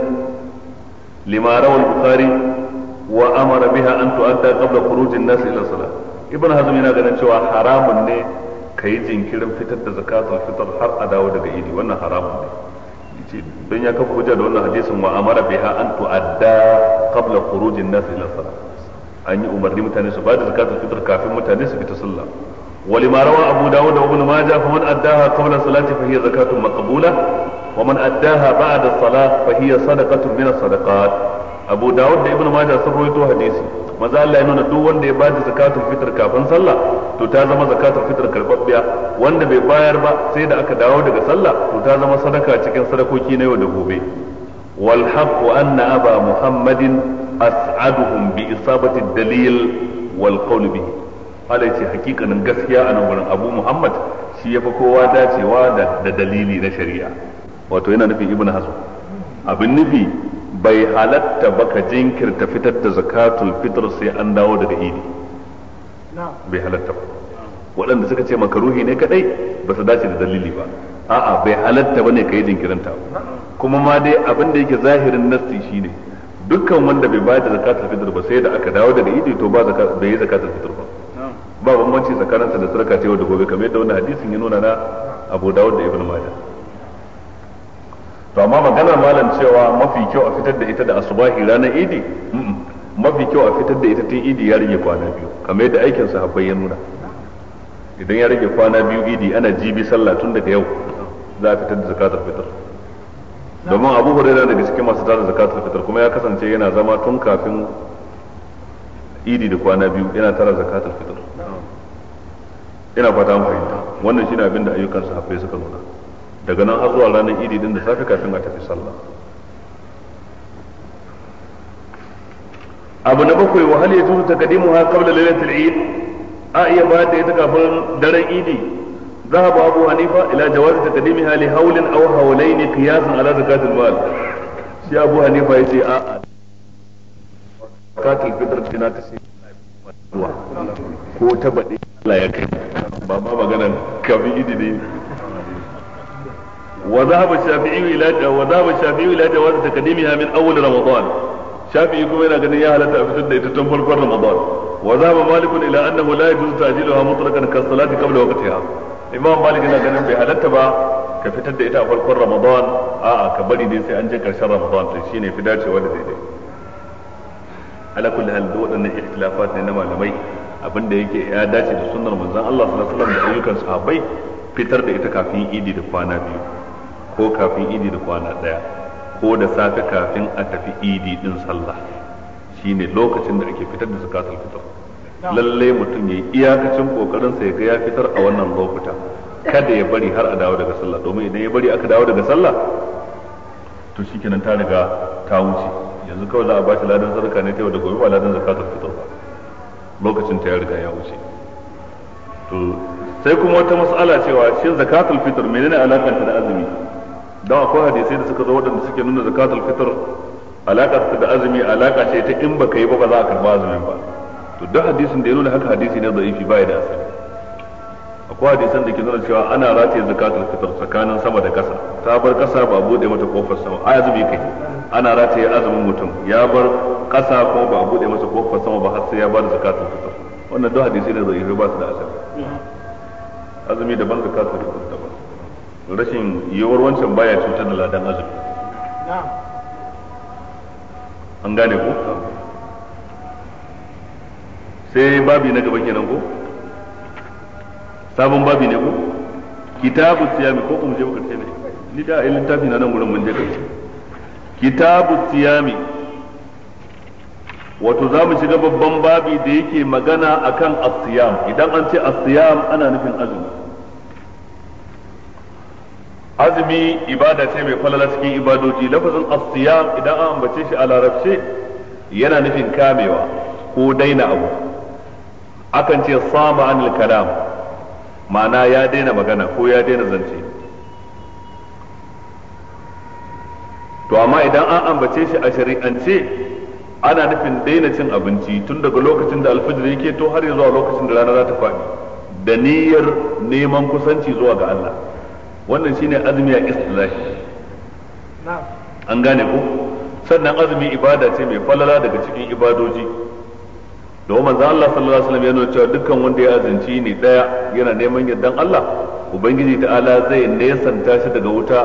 lima rawa al-bukhari wa amara biha an tu'adda qabla khuruj an-nas ila salat ibn hazm yana ganin cewa haramun ne kai jinkirin fitar da zakatul fitr har a dawo daga idi wannan haramun ne ce don ya kafa hujja da wannan hadisin wa amara biha an tu'adda qabla khurujin nas ila salat an yi umarni mutane su bada zakatul fitr kafin mutane su fita sallah wali ma rawa abu dawud wa ibn majah fa man addaha qabla salati fa hiya zakatun maqbula wa man addaha ba'da salah fa hiya sadaqatun min as-sadaqat abu dawud da ibn majah sun rawaito hadisi maza Allah ya nuna duk wanda ya bada zakatul fitr kafin sallah to ta zama zakatul fitr karbabbiya wanda bai bayar ba sai da aka dawo daga sallah to ta zama sadaka cikin sadakoki na yau da gobe wal haqqu anna aba muhammadin as'aduhum bi isabati dalil wal qawl bihi Allah hakikanin gaskiya a nan Abu Muhammad shi fi kowa dacewa da dalili na shari'a wato yana nufin Ibn Hazm abin nufi bai halatta baka jinkirta fitar da zakatul fitr sai an dawo daga idi bai halatta ba waɗanda suka ce makaruhi ne kaɗai ba su dace da dalili ba a'a bai halarta ne bane kai jinkirinta kuma ma dai abin da yake zahirin nasti shine dukkan wanda bai bayar da zakatul fitr ba sai da aka dawo da idi to ba zakat bai yi zakatul fitr ba ba bambanci tsakaninsa da sarka ce yau da gobe kamar yadda wannan hadisin ya nuna na Abu Dawud da Ibn Majah to amma magana malam cewa mafi kyau a fitar da ita da asubahi ranar idi mafi kyau a fitar da ita tun idi ya rage kwana biyu kamar yadda aikin sahabbai ya nuna idan ya rage kwana biyu idi ana jibi sallah tun daga yau za a fitar da zakatul fitr domin abu hurairah daga cikin masu tada zakatul fitr kuma ya kasance yana zama tun kafin idi da kwana biyu yana tara zakatul fitr ina fata mu fahimta wannan shine abin da ayyukan sahabbai suka nuna daga nan har zuwa ranar idi din da safe kafin a tafi sallah abu na bakwai wa hal yajuzu taqdimuha qabla lailatul eid a iya ba ta ita kafin daren idi ذهب أبو حنيفة إلى جواز تقديمها لهول أو هولين قياسا على زكاة المال شي أبو حنيفة يجي آآ زكاة الفطر تنا تسي ko ta baɗe Allah ya kai ba ma maganan kabi idi ne wa zahaba shafi'i ila wa zahaba shafi'i ila jawaz taqdimiha min awwal ramadan shafi'i kuma yana ganin ya halatta a fitar da ita tun farkon ramadan wa zahaba malikun ila annahu la yajuzu ta'jiluha mutlaqan ka salati qabla waqtiha imam malik yana ganin bai halatta ba ka fitar da ita a farkon ramadan a'a ka bari dai sai an je karshen ramadan to shine fi dacewa da daidai ala kulli hal da waɗannan ikhtilafat ne na malamai abin da yake ya dace da sunnar manzon Allah sallallahu alaihi wasallam da ayyukan sahabbai fitar da ita kafin idi da kwana biyu ko kafin idi da kwana daya ko da safe kafin a tafi idi din sallah shine lokacin da ake fitar da zakatul fitr lalle mutum ya yi iyakacin kokarin sa ya ga ya fitar a wannan lokuta kada ya bari har a dawo daga sallah domin idan ya bari aka dawo daga sallah to shikenan ta riga ta wuce yanzu kawai za a ba shi ladan sadaka ne ta yau da gobe ba ladan zakatul fitar ba lokacin ta ya riga ya wuce to sai kuma wata mas'ala cewa shi zakatul fitr menene alakanta da azumi don akwai hadisai da suka zo waɗanda suke nuna zakatul fitr ta da azumi alaka ce ta in baka yi ba ba za a karba azumin ba to duk hadisin da ya nuna haka hadisi ne da'ifi ya da asali akwai hadisan da ke nuna cewa ana rataye zakatul fitr tsakanin sama da kasa ta bar kasa ba bude mata kofar sama a azumi kai ana rataye azumin mutum ya bar kasa kuma ba bude masa kofar sama ba har sai ya bada zakatul fitr wannan duk hadisi ne da'ifi ba su da asali azumi daban zakatul fitr daban rashin yiwuwar wancan baya cutar da ladan azumi an gane ko sai babi na gaba kenan ko sabon babi ne ko kitabu tiyami ko kuma je karshe ne ni da ilin tafi na nan gurin mun je kai kitabu tiyami wato za mu shiga babban babi da yake magana akan asiyam idan an ce asiyam ana nufin azumi azumi ibada ce mai falala cikin ibadoji lafazin asiyam idan an ambace shi a larabce yana nufin kamewa ko daina abu akan ce sama anil kalam ma'ana ya daina magana ko ya daina zance to amma idan an ambace shi a shari'ance ana nufin daina cin abinci tun daga lokacin da alfijir yake to har zuwa lokacin da rana za ta faɗi da niyyar neman kusanci zuwa ga Allah wannan shine azumi a istilahi an gane ko sannan azumi ibada ce mai falala daga cikin ibadoji domin manzo Allah sallallahu alaihi wasallam ya nuna cewa dukkan wanda ya azanci ne daya yana neman yardan Allah ubangiji ta'ala zai nesanta shi daga wuta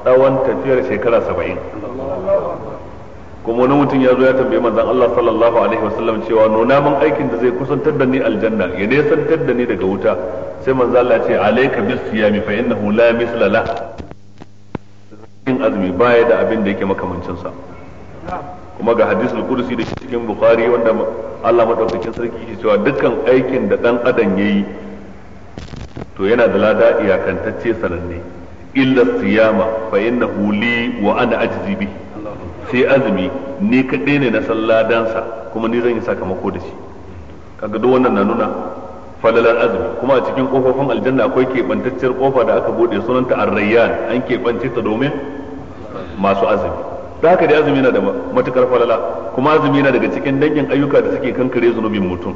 tsawon tafiyar shekara saba'in. kuma wani mutum ya zo ya tambaye manzon Allah sallallahu alaihi wasallam cewa nuna min aikin da zai kusantar da ni aljanna ya nesantar da ni daga wuta sai manzon Allah ce alayka bisiyami fa innahu la misla la in azumi baya da abin da yake makamancin sa kuma ga hadisul kursi da cikin bukhari wanda Allah madaukakin sarki ke cewa dukkan aikin da dan adam yayi to yana da lada iyakantacce sananne illa siyama fa innahu li wa ana ajzi bi sai azumi ni kadai ne na san ladansa kuma ni zan yi sakamako da shi kaga duk wannan na nuna falalar azumi kuma a cikin kofofin aljanna akwai keɓantacciyar kofa da aka bude sunanta ar-rayyan an keɓance ta domin masu azumi da haka dai azumi na da matukar falala kuma azumi na daga cikin dangin ayyuka da suke kankare zunubin mutum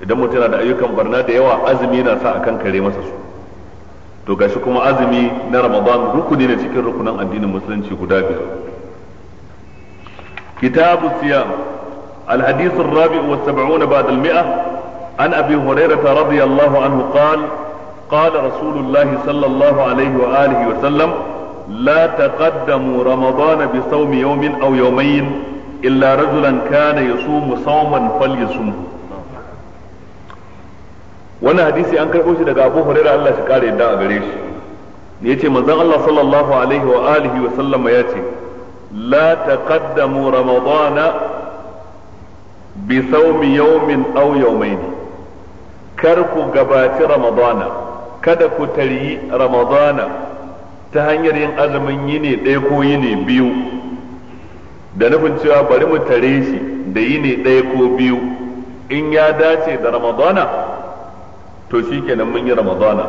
idan mutum yana da ayyukan barna da yawa azumi na sa a kankare masa su to gashi kuma azumi na ramadan rukuni ne cikin rukunan addinin musulunci guda biyar kitabu siyam الحديث الرابع والسبعون بعد المئة عن أبي هريرة رضي الله عنه قال قال رسول الله صلى الله عليه وآله وسلم لا تقدموا رمضان بصوم يوم أو يومين إلا رجلا كان يصوم صوما فليصومه wannan hadisi an karɓo shi daga Abu Hurairah Allah shi kare yadda a gare shi ne yace manzon Allah sallallahu alaihi wa alihi wa sallama yace la taqaddamu ramadana bi sawmi yawmin aw yawmayn kar ku gabaci ramadana kada ku taryi ramadana ta hanyar yin azumin yi ne ɗaya ko yi ne biyu da nufin cewa bari mu tare shi da yi ne ɗaya ko biyu in ya dace da ramadana to shi kenan mun yi ramadana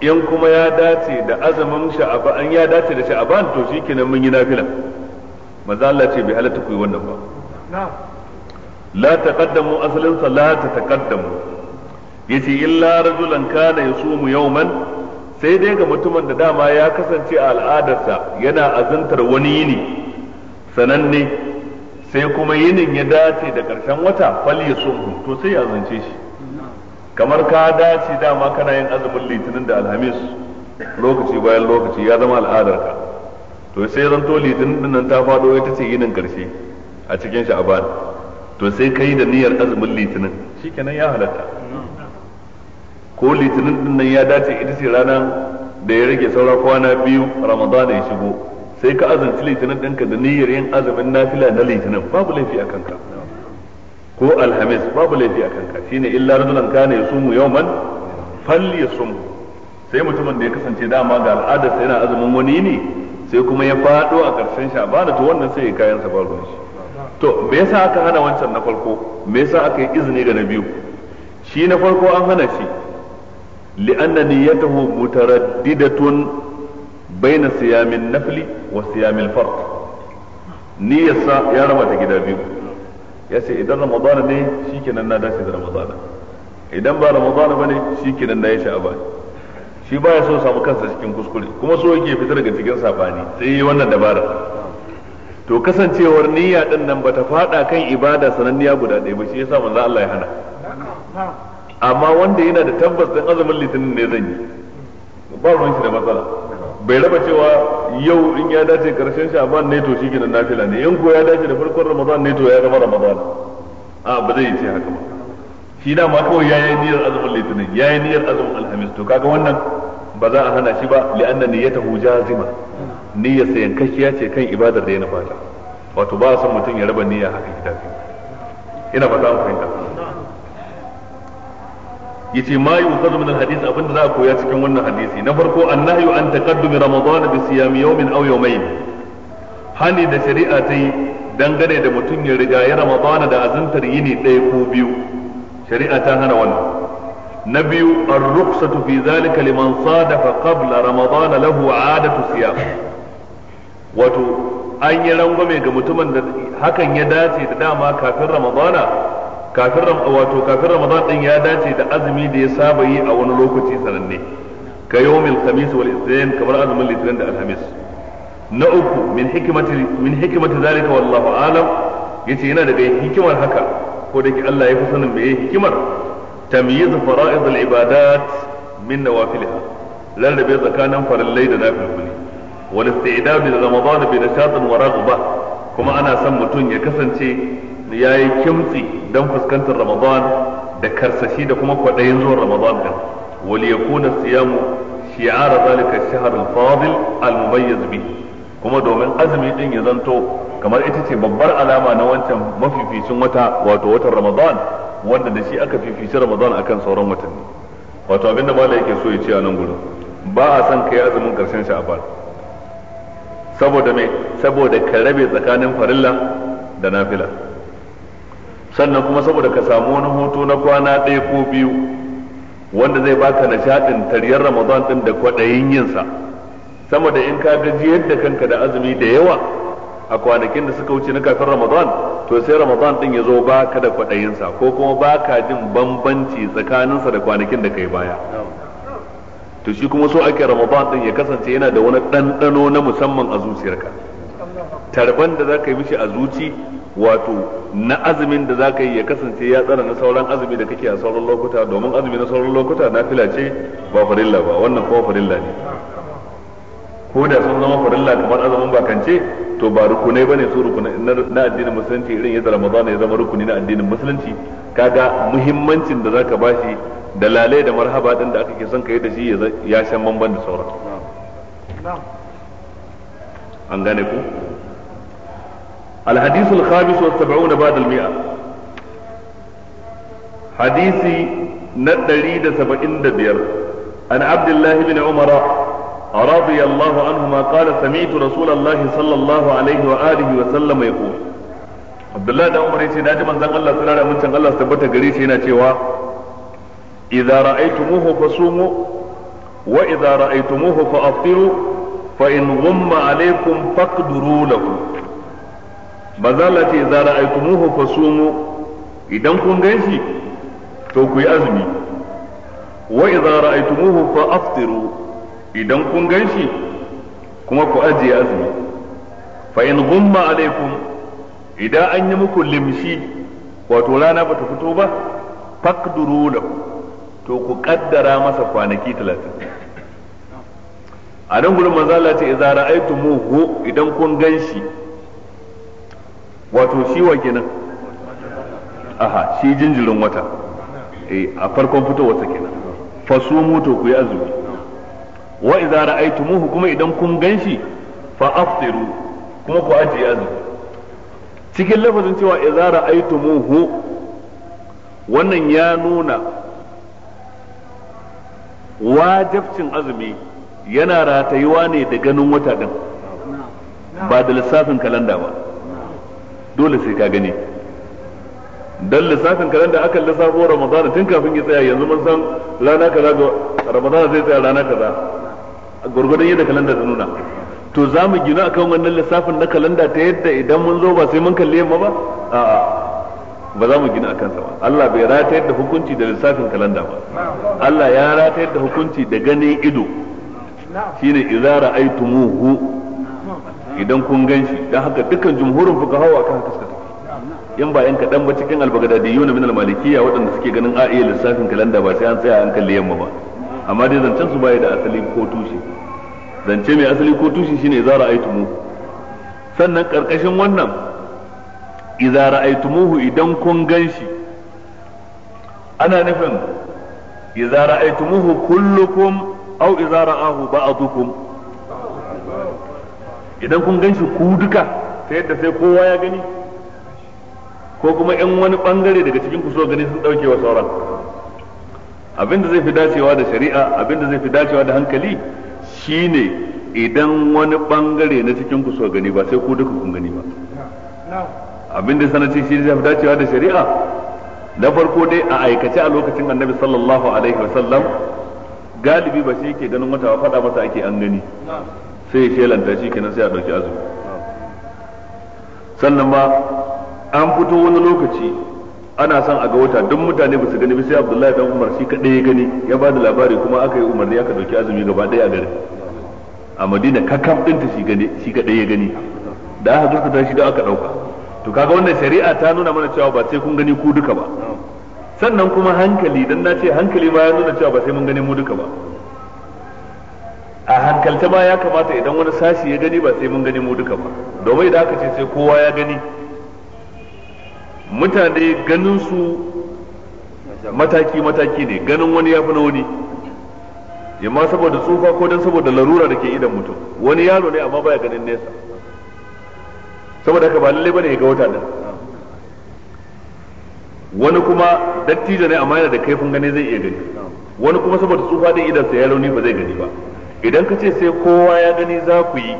in kuma ya dace da azumin sha'aba an ya dace da sha'aban to shi kenan mun yi nafila maza Allah ce bai halatta ku yi wannan ba la taqaddamu asalin salata taqaddamu yace illa rajulan kana yasumu yawman sai dai ga mutumin da dama ya kasance a al'adarsa yana azantar wani yini sananne sai kuma yinin ya dace da ƙarshen wata falye sunhu to sai ya zance shi kamar ka dace dama kana yin azumin litinin da alhamis lokaci bayan lokaci ya zama al'adarka to sai zanto litinin din nan ta faɗo ita ce yinin ƙarshe a cikin sha'aban to sai ka yi da niyyar azumin litinin shikenan ya halatta ko litinin din nan ya dace ita ce rana da ya rage saura kwana biyu ramadana ya shigo sai ka azanci litinin ɗinka da niyyar yin azumin nafila na litinin babu laifi a kanka ko alhamis babu laifi a kanka shine illa rajulan kana yasumu yawman falyasum sai mutumin da ya kasance dama ga al'adar sai yana azumin wani ne sai kuma ya fado a karshen sha'ban to wannan sai ya kayan sa ba ruwan shi to me yasa aka hana wancan na farko me yasa aka yi izini ga na biyu shi na farko an hana shi لأن نيته مترددة بين siyamin النفل wa siyamin fard niyyarsa ya raba ta gida biyu ya ce idan ramadana ne shikenan na dace da ramadana idan ba ramadana bane shikenan na yi sha'aba shi baya so samu kansa cikin kuskure kuma so yake fitar daga cikin safani sai yi wannan dabara to kasancewar niyya din nan bata fada kan ibada sananniya guda ɗaya ba shi yasa manzo Allah ya hana amma wanda yana da tabbas din azumin litinin ne zan yi ba ruwan shi da matsala bai raba cewa yau in ya dace karshen sha'ban ne to shikenan nafila ne in ko ya dace da farkon ramadan ne to ya zama ramadan a ba zai yi ce haka ba shi da ma kawai yi niyyar azumin litinin ya yi niyyar azumin alhamis to kaga wannan ba za a hana shi ba li'anna niyyatahu jazima niyyar sa kashiya ce kan ibadar da ya fata wato ba a son mutum ya raba niyya haka gida ina fata an fahimta yace ma yuqadu min alhadith da za a koya cikin wannan hadisi na farko annahyu an taqaddumi ramadana bi siyami yawmin aw yawmayn hani da shari'a ta yi dangane da mutum ya riga ya ramadana da azantar yini ɗaya ko biyu shari'a ta hana wannan na biyu ar-rukhsatu fi zalika liman sadafa qabla ramadana lahu 'adatu siyam wato an yi rangwame ga mutumin da hakan ya dace da dama kafin ramadana kafin wato kafin ramadan din ya dace da azumi da ya saba yi a wani lokaci sananne ka yawmil khamis wal ithnain kamar azumin litinin da alhamis na uku min hikimati min hikimati zalika wallahu alam yace yana daga hikimar haka ko da ke Allah ya fi sanin meye hikimar tamyiz fara'id al ibadat min nawafilha lallabe tsakanin farallai da nafilfili wal istidad li ramadan bi nashatin wa raghba kuma ana son mutum ya kasance ya yi kimtsi don fuskantar ramadan da karsashi da kuma kwaɗayin zuwan ramadan din ya kuna siyamu shi'ara zalika ash-shahr al-fadil al-mubayyiz bi kuma domin azumi din ya zanto kamar ita ce babbar alama na wancan mafificin wata wato watan ramadan wanda da shi aka fifici ramadan akan sauran watanni wato abinda mala yake so ya ce a nan gudu ba a son kai azumin karshen sha'ban saboda me saboda ka rabe tsakanin farilla da nafila sannan kuma saboda ka samu wani hoto na kwana ɗaya ko biyu wanda zai baka nishaɗin tariyar ramadan ɗin da kwaɗayin yinsa sama da in ka gaji yadda kanka da azumi da yawa a kwanakin da suka wuce na kafin ramadan to sai ramadan ɗin ya zo baka da kwaɗayinsa ko kuma baka jin bambanci tsakaninsa da kwanakin da kai baya to shi kuma so ake ramadan ɗin ya kasance yana da wani ɗanɗano na musamman a zuciyarka tarban da za ka yi mishi a zuci wato na azumin da zaka yi ya kasance ya tsara na sauran azumi da kake a sauran lokuta domin azumi na sauran lokuta na fila ce ba farilla ba wannan kuma farilla ne ko da sun zama farilla kamar azumin bakance to ba rukunai bane su rukunai na addinin musulunci irin yadda ramadan ya zama rukuni na addinin musulunci kaga muhimmancin da zaka bashi da dalalai da marhaba din da aka ke son kai da shi ya shan bamban da sauran an gane ku الحديث الخامس والسبعون بعد المئة حديثي ندريد سبعين دبير عن عبد الله بن عمر رضي الله عنهما قال سمعت رسول الله صلى الله عليه وآله وسلم يقول عبد الله بن عمر يقول ناجي من زن الله سنانا من شان الله سبت قريش هنا تيوا إذا رأيتموه فصوموا وإذا رأيتموه فأفطروا فإن غم عليكم فاقدروا له manzo Allah ce idza ra'aytumuhu fasumu idan kun ganshi to ku yi azumi wa idza ra'aytumuhu fa aftiru idan kun ganshi kuma ku ajiye azumi fa in gumma alaikum idan an yi muku limshi wato rana bata fito ba faqduru lahu to ku kaddara masa kwanaki 30 a nan gudun manzo ce idan kun ganshi wato shi wa kenan aha shi jinjirin wata eh, a farkon wata kenan fasumu to ku yi azumi wa idza ra'aytumuhu kuma idan kun ganshi fa aftiru kuma ku ajiye azumi cikin lafazin cewa idza ra'aytumuhu wannan ya nuna wajabcin azumi yana ratayuwa ne da ganin wata din ba da lissafin kalanda ba dole sai ka gani dan lissafin kalanda aka lissafo Ramadan tun kafin ya tsaya yanzu mun san rana kaza ga Ramadan zai tsaya rana kaza gurgurdan yadda kalanda ta nuna to za mu gina akan wannan lissafin na kalanda ta yadda idan mun zo ba sai mun kalle yamma ba a'a ba za mu gina akan sa ba Allah bai ratayar da hukunci da lissafin kalanda ba Allah ya ratayar da hukunci da ganin ido shine idza ra'aytumuhu idan kun gan shi don haka dukkan jumhurin fuqaha kan haka suka tafi in ba yan kaɗan ba cikin albagdadiyyun min almalikiyya waɗanda suke ganin a iya lissafin kalanda ba sai an tsaya an kalli yamma ba amma dai zancen su bayi da asali ko tushe zance mai asali ko tushe shine za ra'aytumu sannan karkashin wannan idza ra'aytumuhu idan kun gan shi ana nufin idza ra'aytumuhu kullukum aw idza ra'ahu ba'dukum idan kun ganshi ku duka ta yadda sai kowa ya gani ko kuma yan wani bangare daga cikin ku so gani sun dauke wa sauran abinda zai fi dacewa da shari'a abinda zai fi dacewa da hankali shine idan wani bangare na cikin ku so gani ba sai ku duka kun gani ba abinda sanace shi zai fi dacewa da shari'a na farko dai a aikace a lokacin annabi sallallahu alaihi wasallam galibi ba shi yake ganin wata faɗa masa ake an gani sai ya shelanta shi kenan sai a ɗauki azumi sannan ma an fito wani lokaci ana son a ga wata duk mutane ba su gani ba sai abdullahi dan umar shi kaɗai ya gani ya ba da labari kuma aka yi umarni aka ɗauki azumi gaba ɗaya a gari a madina kakam ta shi kaɗai ya gani da aka gaskata shi da aka ɗauka to kaga wannan shari'a ta nuna mana cewa ba sai kun gani ku duka ba sannan kuma hankali dan na ce hankali ba ya nuna cewa ba sai mun gani mu duka ba a hankalta ma ya kamata idan wani sashi ya gani ba sai mun gani mu duka ba domin idan aka ce sai kowa ya gani mutane ganin su mataki mataki ne ganin wani ya fi na wani yamma saboda tsufa ko dan saboda larura da ke idan mutum wani yaro ne amma baya ganin nesa saboda haka ba lalle bane ya ga wata din wani kuma dattijo ne amma yana da kaifin gani zai iya gani wani kuma saboda tsufa din idan sa ya rauni ba zai gani ba idan ka ce sai kowa ya gani za ku yi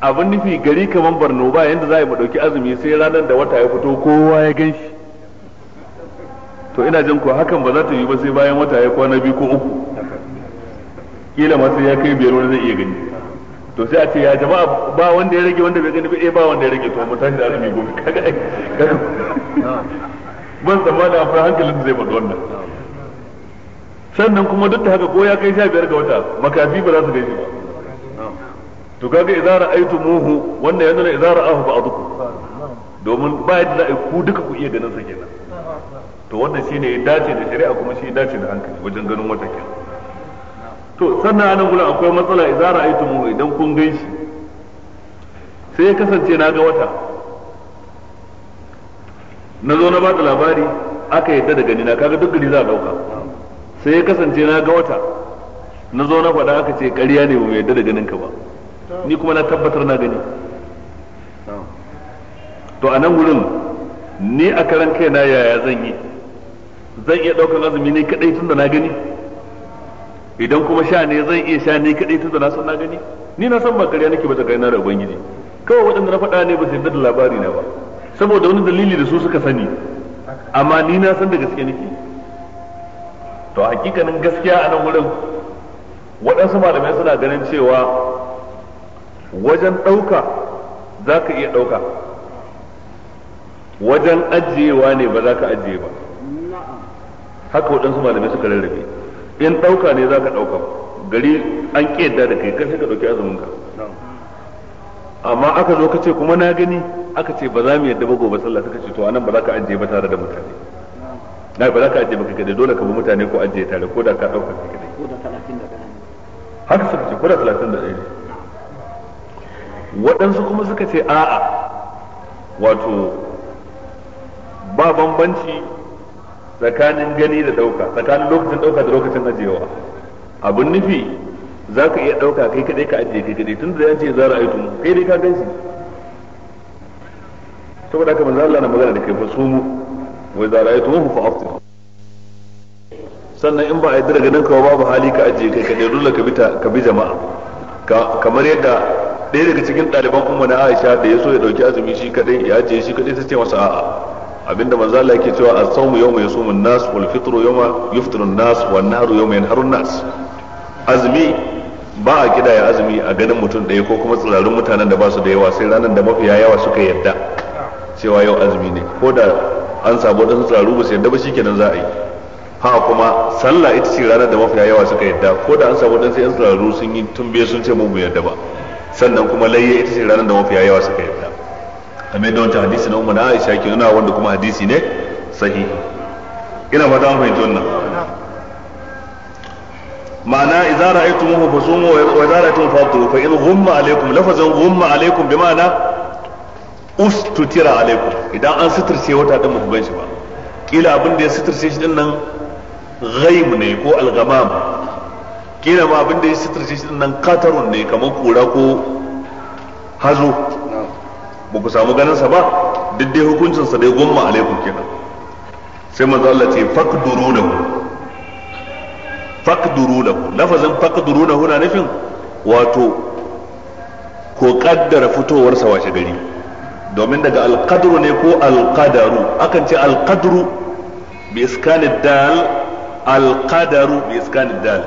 abin nufi gari kamar barno ba yadda za a yi mu ɗauki azumi sai ranar da wata ya fito kowa ya gan shi to ina jin ko hakan ba za ta yi ba sai bayan wata ya kwana biyu ko uku kila ma sai ya kai biyar wani zai iya gani to sai a ce ya jama'a ba wanda ya rage wanda bai gani ba eh ba wanda ya rage to mu tashi da azumi gobe kaga *laughs* ban tsammani akwai hankalin da zai faɗi wannan sannan kuma duk da haka ko ya kai sha biyar ga wata makafi ba za su gaishe ba to kaga idza ra'aytumuhu wannan yana idza ra'ahu ba'dukum domin ba yadda za a ku duka ku iya ganin sa kenan to wannan shine ya dace da shari'a kuma shi ya dace da hankali wajen ganin wata kenan to sannan anan gura akwai matsala idza ra'aytumuhu idan kun gaishe sai ya kasance na ga wata na zo na ba da labari aka yadda da gani na kaga duk gari za a dauka sai ya kasance na ga wata na zo na faɗa aka ce ƙarya ne ba mai yadda da ganin ka ba ni kuma na tabbatar na gani to a nan gurin ni a karan kai na yaya zan yi zan iya ɗaukar azumi ne kaɗai tun da na gani idan kuma sha ne zan iya sha ne kaɗai tun da na san na gani ni na san ba ƙarya nake ba tsakanin da ubangiji kawai waɗanda na faɗa ne ba su yarda da labari na ba saboda wani dalili da su suka sani amma ni na san da gaske nake to hakikanin gaskiya a nan wurin waɗansu malamai suna ganin cewa wajen ɗauka za ka iya ɗauka wajen ajiyewa ne ba za ka ajiye ba haka waɗansu malamai suka rarrabe in ɗauka ne za ka ɗauka gari an ƙeda da kai kashi ka ɗauki azumin ka amma aka zo ka ce kuma na gani aka ce ba za mu yadda ba gobe sallah suka ce to anan ba za ka ajiye ba tare da mutane na ba za ka ajiye baka kadai dole ka bi mutane ko ajiye tare ko da ka ɗaukar ka kadai haka suka ce ko da talatin da waɗansu kuma suka ce a'a wato ba bambanci tsakanin gani da ɗauka tsakanin lokacin ɗauka da lokacin ajiyewa abin nufi za ka iya ɗauka kai kaɗai ka ajiye kai kaɗai tun da ya ce za a aitu kai dai ka gan shi saboda haka manzo Allah na magana da kai fa su mu wa idza ra'aytumuhu fa afsihu sannan in ba a yi daga nan kawai babu hali ka ajiye kai ka dole ka bi ka bi jama'a kamar yadda ɗaya daga cikin ɗaliban umma na Aisha da ya so ya dauki azumi shi kadai ya ajiye shi kadai ta ce masa a'a abinda manzo Allah yake cewa as-sawmu yawma mai an-nas wal fitru yawma yuftiru an-nas wan nahru yawma yanharu harun nas azumi ba a kida ya azumi a ganin mutum ɗaya ko kuma tsirarin mutanen da ba su da yawa sai ranar da mafiya yawa suka yarda cewa yau azumi ne ko da an samu wadansu tsaro ba su yadda ba shi kenan za a yi ha kuma sallah ita ce ranar da mafiya yawa suka yadda ko da an samu wadansu yan tsaro sun yi tumbe sun ce mu yadda ba sannan kuma layya ita ce ranar da mafiya yawa suka yadda kamar yadda wancan hadisi na umma na Aisha ke nuna wanda kuma hadisi ne sahihi ina fata an fahimci wannan ma'ana idza ra'aytumuhu fasumu wa idza ra'aytum fa'tu fa in ghumma alaykum lafazan ghumma alaykum bi ma'ana ustutira alaikum idan an suturce wata din muku gan shi ba kila abin da ya suturce shi din nan ghaib ne ko algamam kila ma abin da ya suturce shi din nan katarun ne kamar kura ko hazo ba ku samu ganin sa ba duk dai hukuncin sa dai gumma alaikum kenan sai manzo Allah ce faqduru lahu lafazin faqduru na nufin wato ko kaddara fitowar sa washe gari domin daga alqadru ne ko alqadaru akan ce alqadru bi iskanid dal alqadaru bi iskanid dal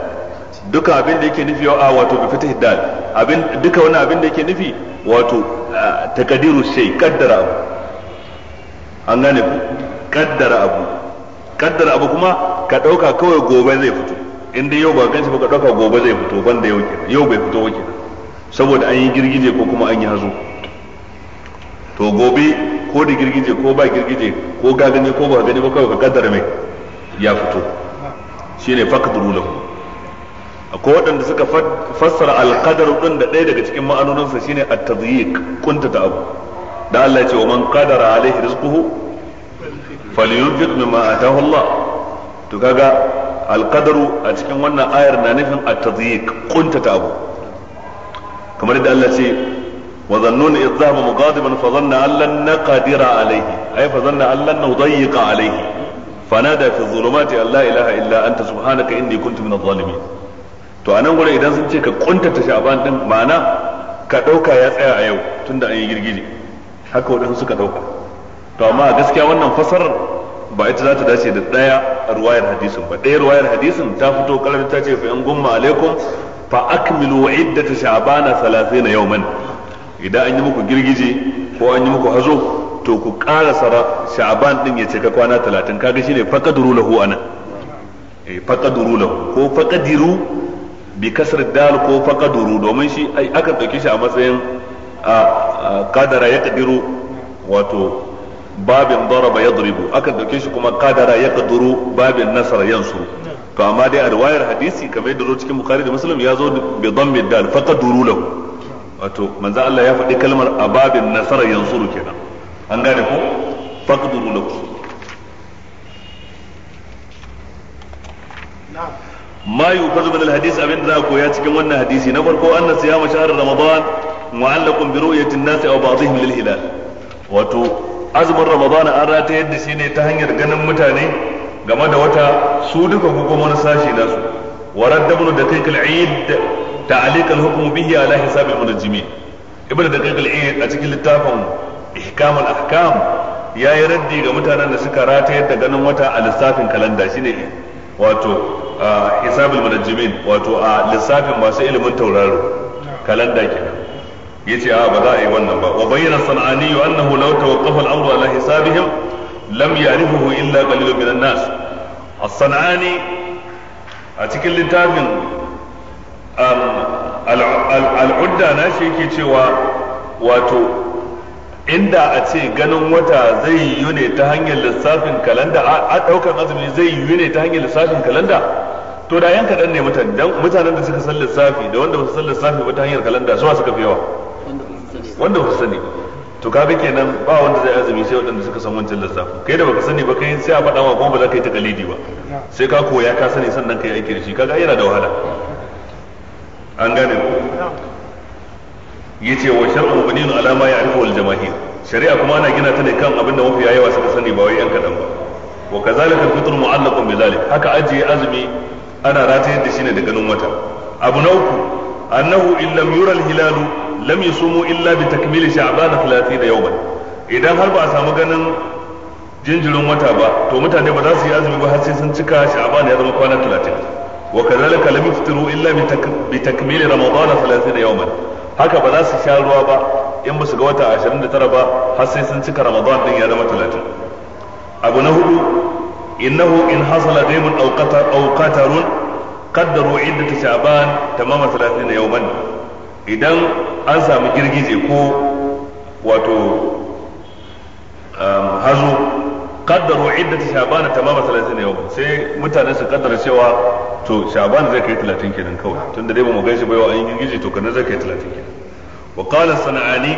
duka abin da yake nufi a wato bi fatih dal abin duka wani abin da yake nufi wato takadiru shay kaddara abu an gane ku kaddara abu kaddara abu kuma ka dauka kawai gobe zai fito in dai yau ba ganshi ba ka dauka gobe zai fito banda yau yau bai fito wake saboda an yi girgije ko kuma an yi hazo to gobe ko da girgije ko ba girgije ko ga gani ko ba gani ba kawai ka kaddara mai ya fito shine faqduru lahu akwai waɗanda suka fassara alqadar din da ɗaya daga cikin ma'anoninsa shine at-tadyiq ta abu da Allah ya ce wa man qadara alaihi rizquhu falyunfiq mimma atahu Allah to kaga alqadaru a cikin wannan ayar na nufin at-tadyiq ta abu kamar da Allah ce wa zannuni idh dhahaba mughadiban fa dhanna an lan naqdira alayhi ay fa dhanna an lan nudayyiqa alayhi fanada fi dhulumati an la ilaha illa anta subhanaka inni kuntu to anan gure idan sun ce ka kuntata sha'ban din ma'ana ka dauka ya tsaya a yau tunda an yi girgije haka wadansu suka dauka to amma gaskiya wannan fasarar ba ita za ta dace da daya ruwayar hadisin ba daya ruwayar hadisin ta fito karar ta ce fa in gumma alaikum fa akmilu salasai sha'bana 30 yawman idan an yi muku girgije ko an yi muku hazo to ku ƙara sara sha'aban din ya ce ka kwana talatin kaga shine faqadru lahu ana eh faqadru lahu ko faqadiru bi kasr dal ko faqadru domin shi ai aka dauke shi a matsayin a qadara yaqdiru wato babin daraba yadribu aka dauke shi kuma qadara yaqduru babin nasara yansu to amma dai a riwayar hadisi kamar yadda zo cikin bukhari da muslim ya zo bi bi dal faqadru lahu wato manzo Allah ya faɗi kalmar ababin nasara yansuru kenan an gane ko faqduru lahu ma yukazu min alhadis abin da za koya cikin wannan hadisi na farko anna siyama shahr ramadan mu'allaqun bi ru'yati an-nas aw ba'dihim lil hilal wato azumin ramadan an rata yadda shine ta hanyar ganin mutane game da wata su duka ko kuma wani sashi nasu wa raddabnu da kai al ta'liq al-hukm bihi ala hisab al-munajjimi ibnu daqiq al a cikin littafin ihkam al-ahkam yayi raddi ga mutanen da suka ratayar da ganin wata a lissafin kalanda shine wato hisab al-munajjimin wato a lissafin masu ilimin tauraro kalanda kenan yace a ba za a yi wannan ba wa bayyana sana'ani annahu amru ala hisabihim sanaani a cikin littafin Um, al'udda na shi yake cewa wato inda a ce ganin wata zai yi ne ta hanyar lissafin kalanda a ɗaukar azumi zai yi ne ta hanyar lissafin kalanda to da yan kaɗan ne mutane mutanen da suka san lissafi da wanda ba su san lissafi ba ta hanyar kalanda suwa suka fi yawa wanda ba su sani to kaga kenan ba wanda zai azumi sai waɗanda suka san wancan lissafin kai da baka sani ba kai sai a faɗa ma kuma ba za ka yi ta kalidi ba sai ka koya ka sani sannan ka yi aiki da shi kaga yana da wahala an gane ku ce, wa shar'u mubinun yin alama ya al shari'a kuma ana gina ta ne kan abinda mafi yawa suka sani ba wai yan kaɗan ba wa kazalika zalika fitr mu'allakun bizalik haka ajiye azumi ana ratayar da shi ne da ganin wata abu na uku annahu in lam yura hilalu lam yusumu illa bi takmili sha'ban 30 da yawman idan har ba a samu ganin jinjirin wata ba to mutane ba za su yi azumi ba har sai sun cika sha'ban ya zama kwana 30 وكذلك لم يفطروا إلا بتكميل رمضان 30 يوما haka ba za su sha ruwa ba in ba su ga wata 29 ba har sai sun cika ramadan din ya zama 30 abu na hudu innahu in hasala ghaibun aw qatar aw qatarun qaddaru iddat sha'ban tamama 30 yawman idan an samu girgije ko wato hazo qaddaru iddatu shabana tamama 30 yau sai mutane su kaddara cewa to shaban zai kai 30 kenan kawai tunda dai bamu gaishe bai wa an gingiji to kana zai kai 30 kenan wa qala sana'ani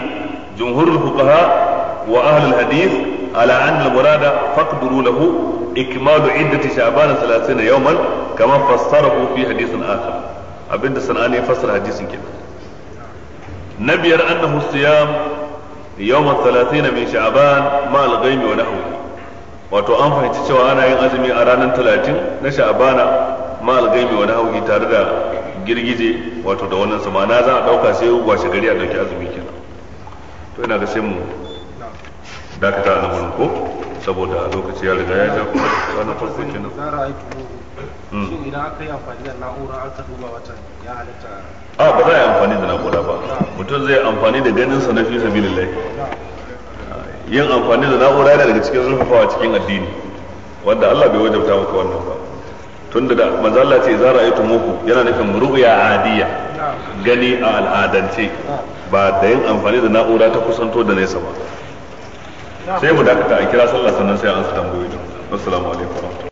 jumhurul fuqaha wa ahlul hadith ala anna al-murada faqduru lahu ikmalu iddati 30 yawman kama fassarahu fi hadithin akhar abinda sana'ani ya fassara hadisin kenan na biyar annahu siyam yawm 30 min sha'ban ma al-ghaib wa nahwihi wato an fahimci cewa ana yin azumi a ranar talatin na sha'abana ma algaimi wani hauki tare da girgije wato da wannan sama na za a ɗauka sai washe gari a ɗauki azumi kenan to ina ga sai mu dakata a nan ko saboda lokaci ya riga ya ja wani farko kenan hmm. shin idan aka yi amfani da na'ura aka duba ya halitta a ba za a yi amfani da na'ura ba mutum zai amfani da ganin sa na fi sabilillahi yin amfani da na'ura yana daga cikin zurfafawa cikin addini wanda Allah bai wajabta maka wannan ba tunda da manzo Allah ce za ra'aytu muku yana nufin ru'ya adiya gani a al'adance ba da yin amfani da na'ura ta kusanto da nesa ba sai mu dakata a kira sallah sannan sai an su tambayoyi assalamu alaikum